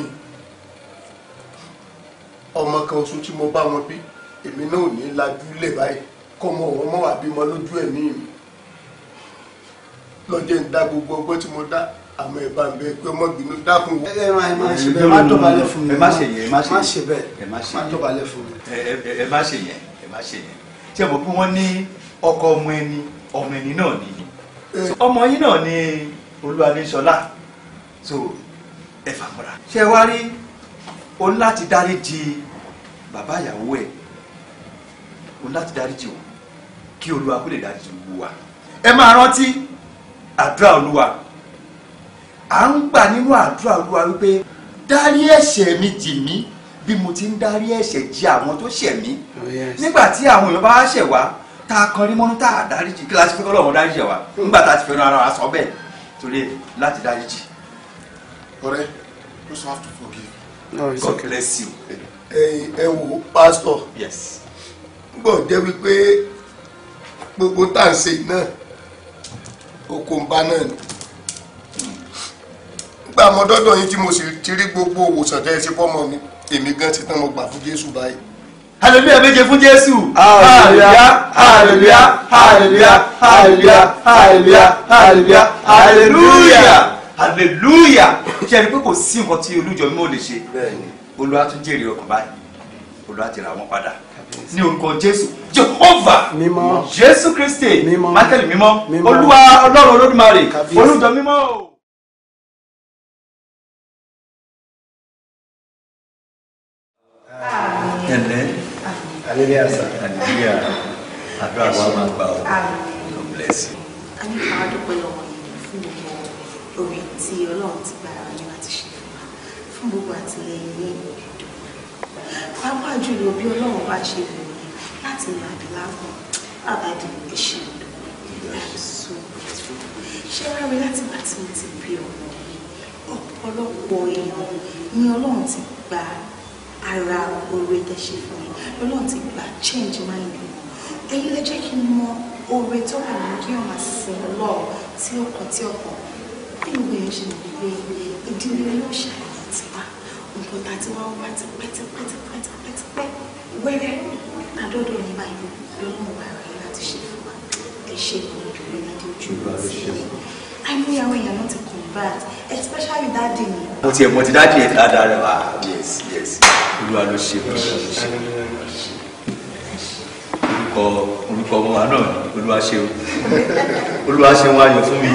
ọmọ kan oṣù tí mo bá wọn bí èmi náà ò ní lajú lè báyìí kọ́mọ òun mọ́ wà bímọ lójú ẹ̀mí mi lọ́jọ́ ń dá gbogbo ọgbọ́n tí mo dá àmọ́ ẹ bá ń bẹ pé ọmọ bínú dákun wọ. ẹ má ẹ má ṣe bẹ́ẹ̀ má dọ̀bálẹ̀ fún mi. ẹ má ṣe yẹn ẹ má ṣe bẹ́ẹ̀ ẹ má ṣe yẹn má dọ̀bálẹ̀ fún mi. ẹ má ṣe yẹn ẹ má ṣe yẹn tí ẹ bọ bí wọn ní ọkọ ọmọ ẹni ọmọ ẹni náà ni ọmọ yín náà ni Olúwaníṣọlá so ẹ fàmúra. ṣé wàá rí o ní láti dáríjì bàbá ìyàwó ẹ o ní láti dáríjì o kí Olúwa kó lè dáríjì gbogbo wa ẹ máa rántí àdúrà Olúwa à ń gbà nínú àdúrà olúwa wípé dárí ẹ̀ṣẹ̀ mi jì mí bí mo ti ń dárí ẹ̀ṣẹ̀ jì àwọn tó ṣẹ̀ mí oh, nígbà tí àwọn èèyàn bá ṣẹ̀ wá tá a kan rí mọ́nú tá a dárí jì kí la ṣe fẹ́ kọ́ lọ́wọ́ dárí jì wá hmm. nígbà tá a ti fẹ́ ara wa sọ bẹ́ẹ̀ torí láti dárí jì. ọ̀rẹ́ you also have to forgive. No, God bless you. ẹ wo pastor. yes. gbọ́ jẹ́ wípé gbogbo tá à ń ṣe náà okòǹba náà ni nígbà mo dọ́dọ̀ yín tí mo sì ti rí gbogbo òwòsàn tẹ́ ẹ ṣe fọ́mọ mi èmi gan ti tán mo gbà fún Jésù báyìí. hallelujah méje fún Jésù. hallelujah hallelujah hallelujah hallelujah hallelujah hallelujah hallelujah hallelujah ṣe ẹni pé kò sí nǹkan tí olújọ mi ò lè ṣe Olúwa tún jèrè ọkàn báyìí Olúwa ti rà wọ́n padà ní orúkọ jésù jehova jésù kristi michael mímọ́ olúwa ọlọ́run olódùmarè olùdó mímọ́ Hallelujah, sir. Hallelujah. Àdúrà wa máa gbà ọ́. God bless you. A ní ká dúpẹ́ lọ́wọ́ yìí fún gbogbo orí tí Ọlọ́run ti gbára wa ní láti ṣe fún wa fún gbogbo àtìlẹyìn ní ìdùn. Pápá jùlọ bí Ọlọ́run bá ṣe wù ú láti máa dì àbádì ìṣe ìdùn. Ṣé wàá rí láti gbà tí mo ti bí ọmọ yìí? Ọ̀pọ̀lọpọ̀ èèyàn ni Ọlọ́run ti gbà á ara oore tẹ́ ṣe fún mi lọ́lọ́run ti gbà change mind mi èyí lè jẹ́ kí n mọ oore tó wà nínú kí ọmọ sin lọ́ọ̀ tí ọkàn tí ọkàn bí ìwé yẹn ṣe lè gbé ìdílé ló ṣàlàyé tiwa nǹkan tá a ti wá wá ti pẹ́tipẹ́tipẹ́tipẹ́ wẹ́rẹ́ àdọ́dọ̀ ní báyìí lọ́lọ́run wà rẹ̀ láti ṣe fún wa kì ṣe ìrìn àjò ojú ìgbà àmì àwọn èèyàn that especially daddy mi. mo ti ẹ̀ mo ti dáàdì ẹ̀ dáadáa rẹ̀ wá yes yes olúwa ló ṣe olúwa ló ṣe orúkọ orúkọ ọmọ wa náà ni olúwa ṣe olúwa ṣe wá yọ fún mi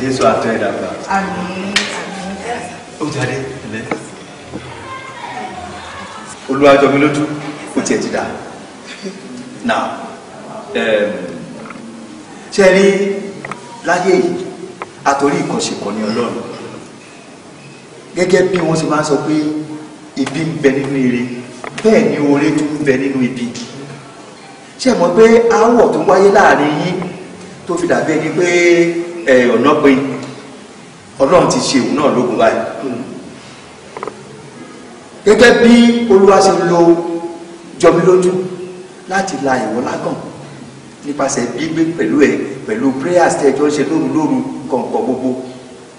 jésù àtọ ẹ̀ dàgbà. àmín ó jáde ẹ̀lẹ́ olúwa jọ mi lójú ó tiẹ̀ ti dà now ṣe rí láyé yìí àtòrí ìkànṣepọ̀ ní ọlọ́run gẹ́gẹ́ bí wọ́n ṣe máa ń sọ pé ibi ń bẹ nínú ire bẹ́ẹ̀ ni oore tún ń bẹ nínú ibi ṣe mọ̀ pé aáwọ̀ tó wáyé láàrin yín tó fi dàbí ẹni pé ọ̀nà pé ọlọ́run ti ṣe òun náà lógun báyìí gẹ́gẹ́ bí olúwa ṣe lo jọmílójú láti la ìwọ lágàn nípasẹ̀ gbígbé pẹ̀lú ẹ̀ pẹ̀lú prayers tẹ́ ẹjọ́ ṣe lóru lóru kọ̀ọ̀kan gbogbo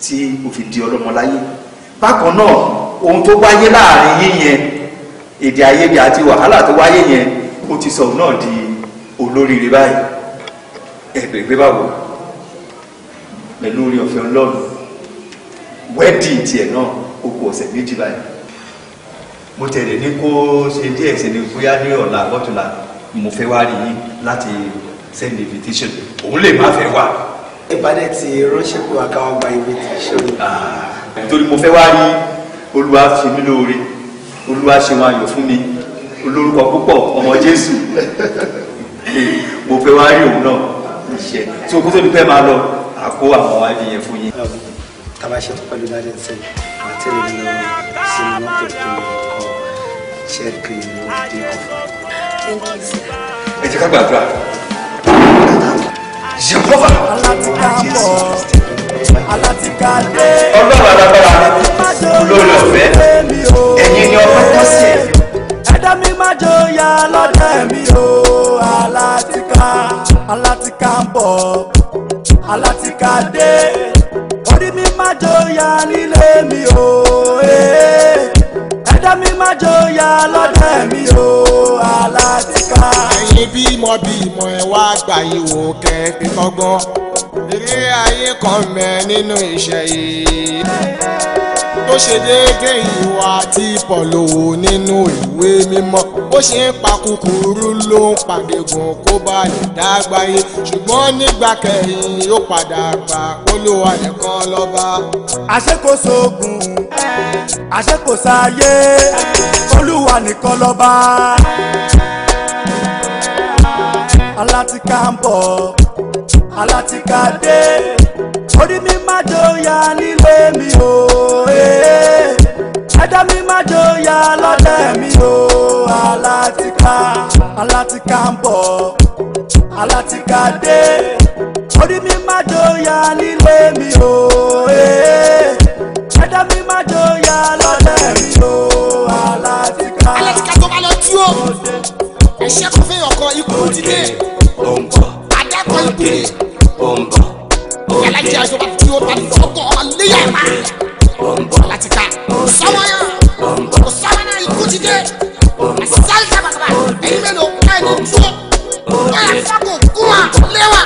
tí o fi di ọlọ́mọláyé bákan náà ohun tó wáyé láàrin yín yẹn èdè àìyedè àti wàhálà tó wáyé yẹn ó ti sọ̀rọ̀ náà di olóríire báyìí ẹ̀bẹ̀ gbé báwo pẹ̀lú orí ọ̀fẹ́ ọlọ́run wẹ́ẹ̀dì tiẹ̀ náà ó kù ọ̀sẹ̀ méjì báyìí mo tẹ̀lé ní kó ṣe díẹ̀ sí ni bóyá ní ọ̀la àgọ́tùlà mo fẹ́ wá rí yín láti send invitation òun lè má fẹ́ wá. ìbàdàn ti ránṣẹ́ pé wàá káwọn gba invitation. nítorí mo fẹ́ wá rí olúwa fi mí lóore olúwa ṣe wọn ayọ̀ fún mi olórúkọ púpọ̀ ọmọ jésù mo fẹ́ wá rí òun náà ṣe tí okú tó ní pẹ́ máa lọ àkó àwọn wájú yẹn fún yín. tàbá ṣe tó pẹ̀lú ìbàdàn sẹ́yìn àti ìrìn lọ sí mọ́tò tó ń kọ́ ṣẹ́ẹ̀kì ìwọ́de. ẹ jẹ́ ká gbàdúrà. Jehova. Alátíká bọ̀, alátíká dé. Ọlọ́run alágbára lórí ọ̀fẹ́, ẹ̀yin ni ọ̀fẹ́ tọ́ sí Ẹ̀dá mi máa jòyà lọ́dẹ̀ mi o, alátíká, alátíká bọ̀, alátíká dé. Orí mi máa jòyà nílé mi o, eh. ẹ̀dá mi máa jòyà lọ́dẹ̀ mi o, alátíká ẹ̀yin bímọ bímọ ẹ wá gbà ìwò kẹ̀kẹ́ kọ́gbọ́n ilé ayé kan mẹ́ nínú iṣẹ́ yìí tó ṣe déédé ìwà tí pọ̀lò nínú ìwé mímọ́ ó ṣe ń pa kúkúrú ló ń pàgégun kó bá lè dágbáyé ṣùgbọ́n nígbà kẹyìn ó padà gbà Olúwa nìkan lọ́ba. àṣekòṣoògùn àṣekòṣayé Olúwa nìkan lọ́ba alátìká ń bọ̀ alátìká dé orí mi má jòyà nílé mi o eh. ẹ̀dá mi má jòyà lọ́dẹ mi o alátìká alátìká ń bọ̀ alátìká dé orí mi má jòyà nílé mi o eh. ẹ̀dá mi má jòyà lọ́dẹ mi o alátìká. alátìká tó bá lọ jú o ɛhyɛ kofi ɔkɔ ikuru dide adakɔ ikuru yalaji azoba ti o ba ɔkɔ ɔleya ma latika sɔwɔya sɔwɔna ikuru dide asisali sababa eyi bɛ na o ka ɛni tuo ɔyà fako kuma lewa.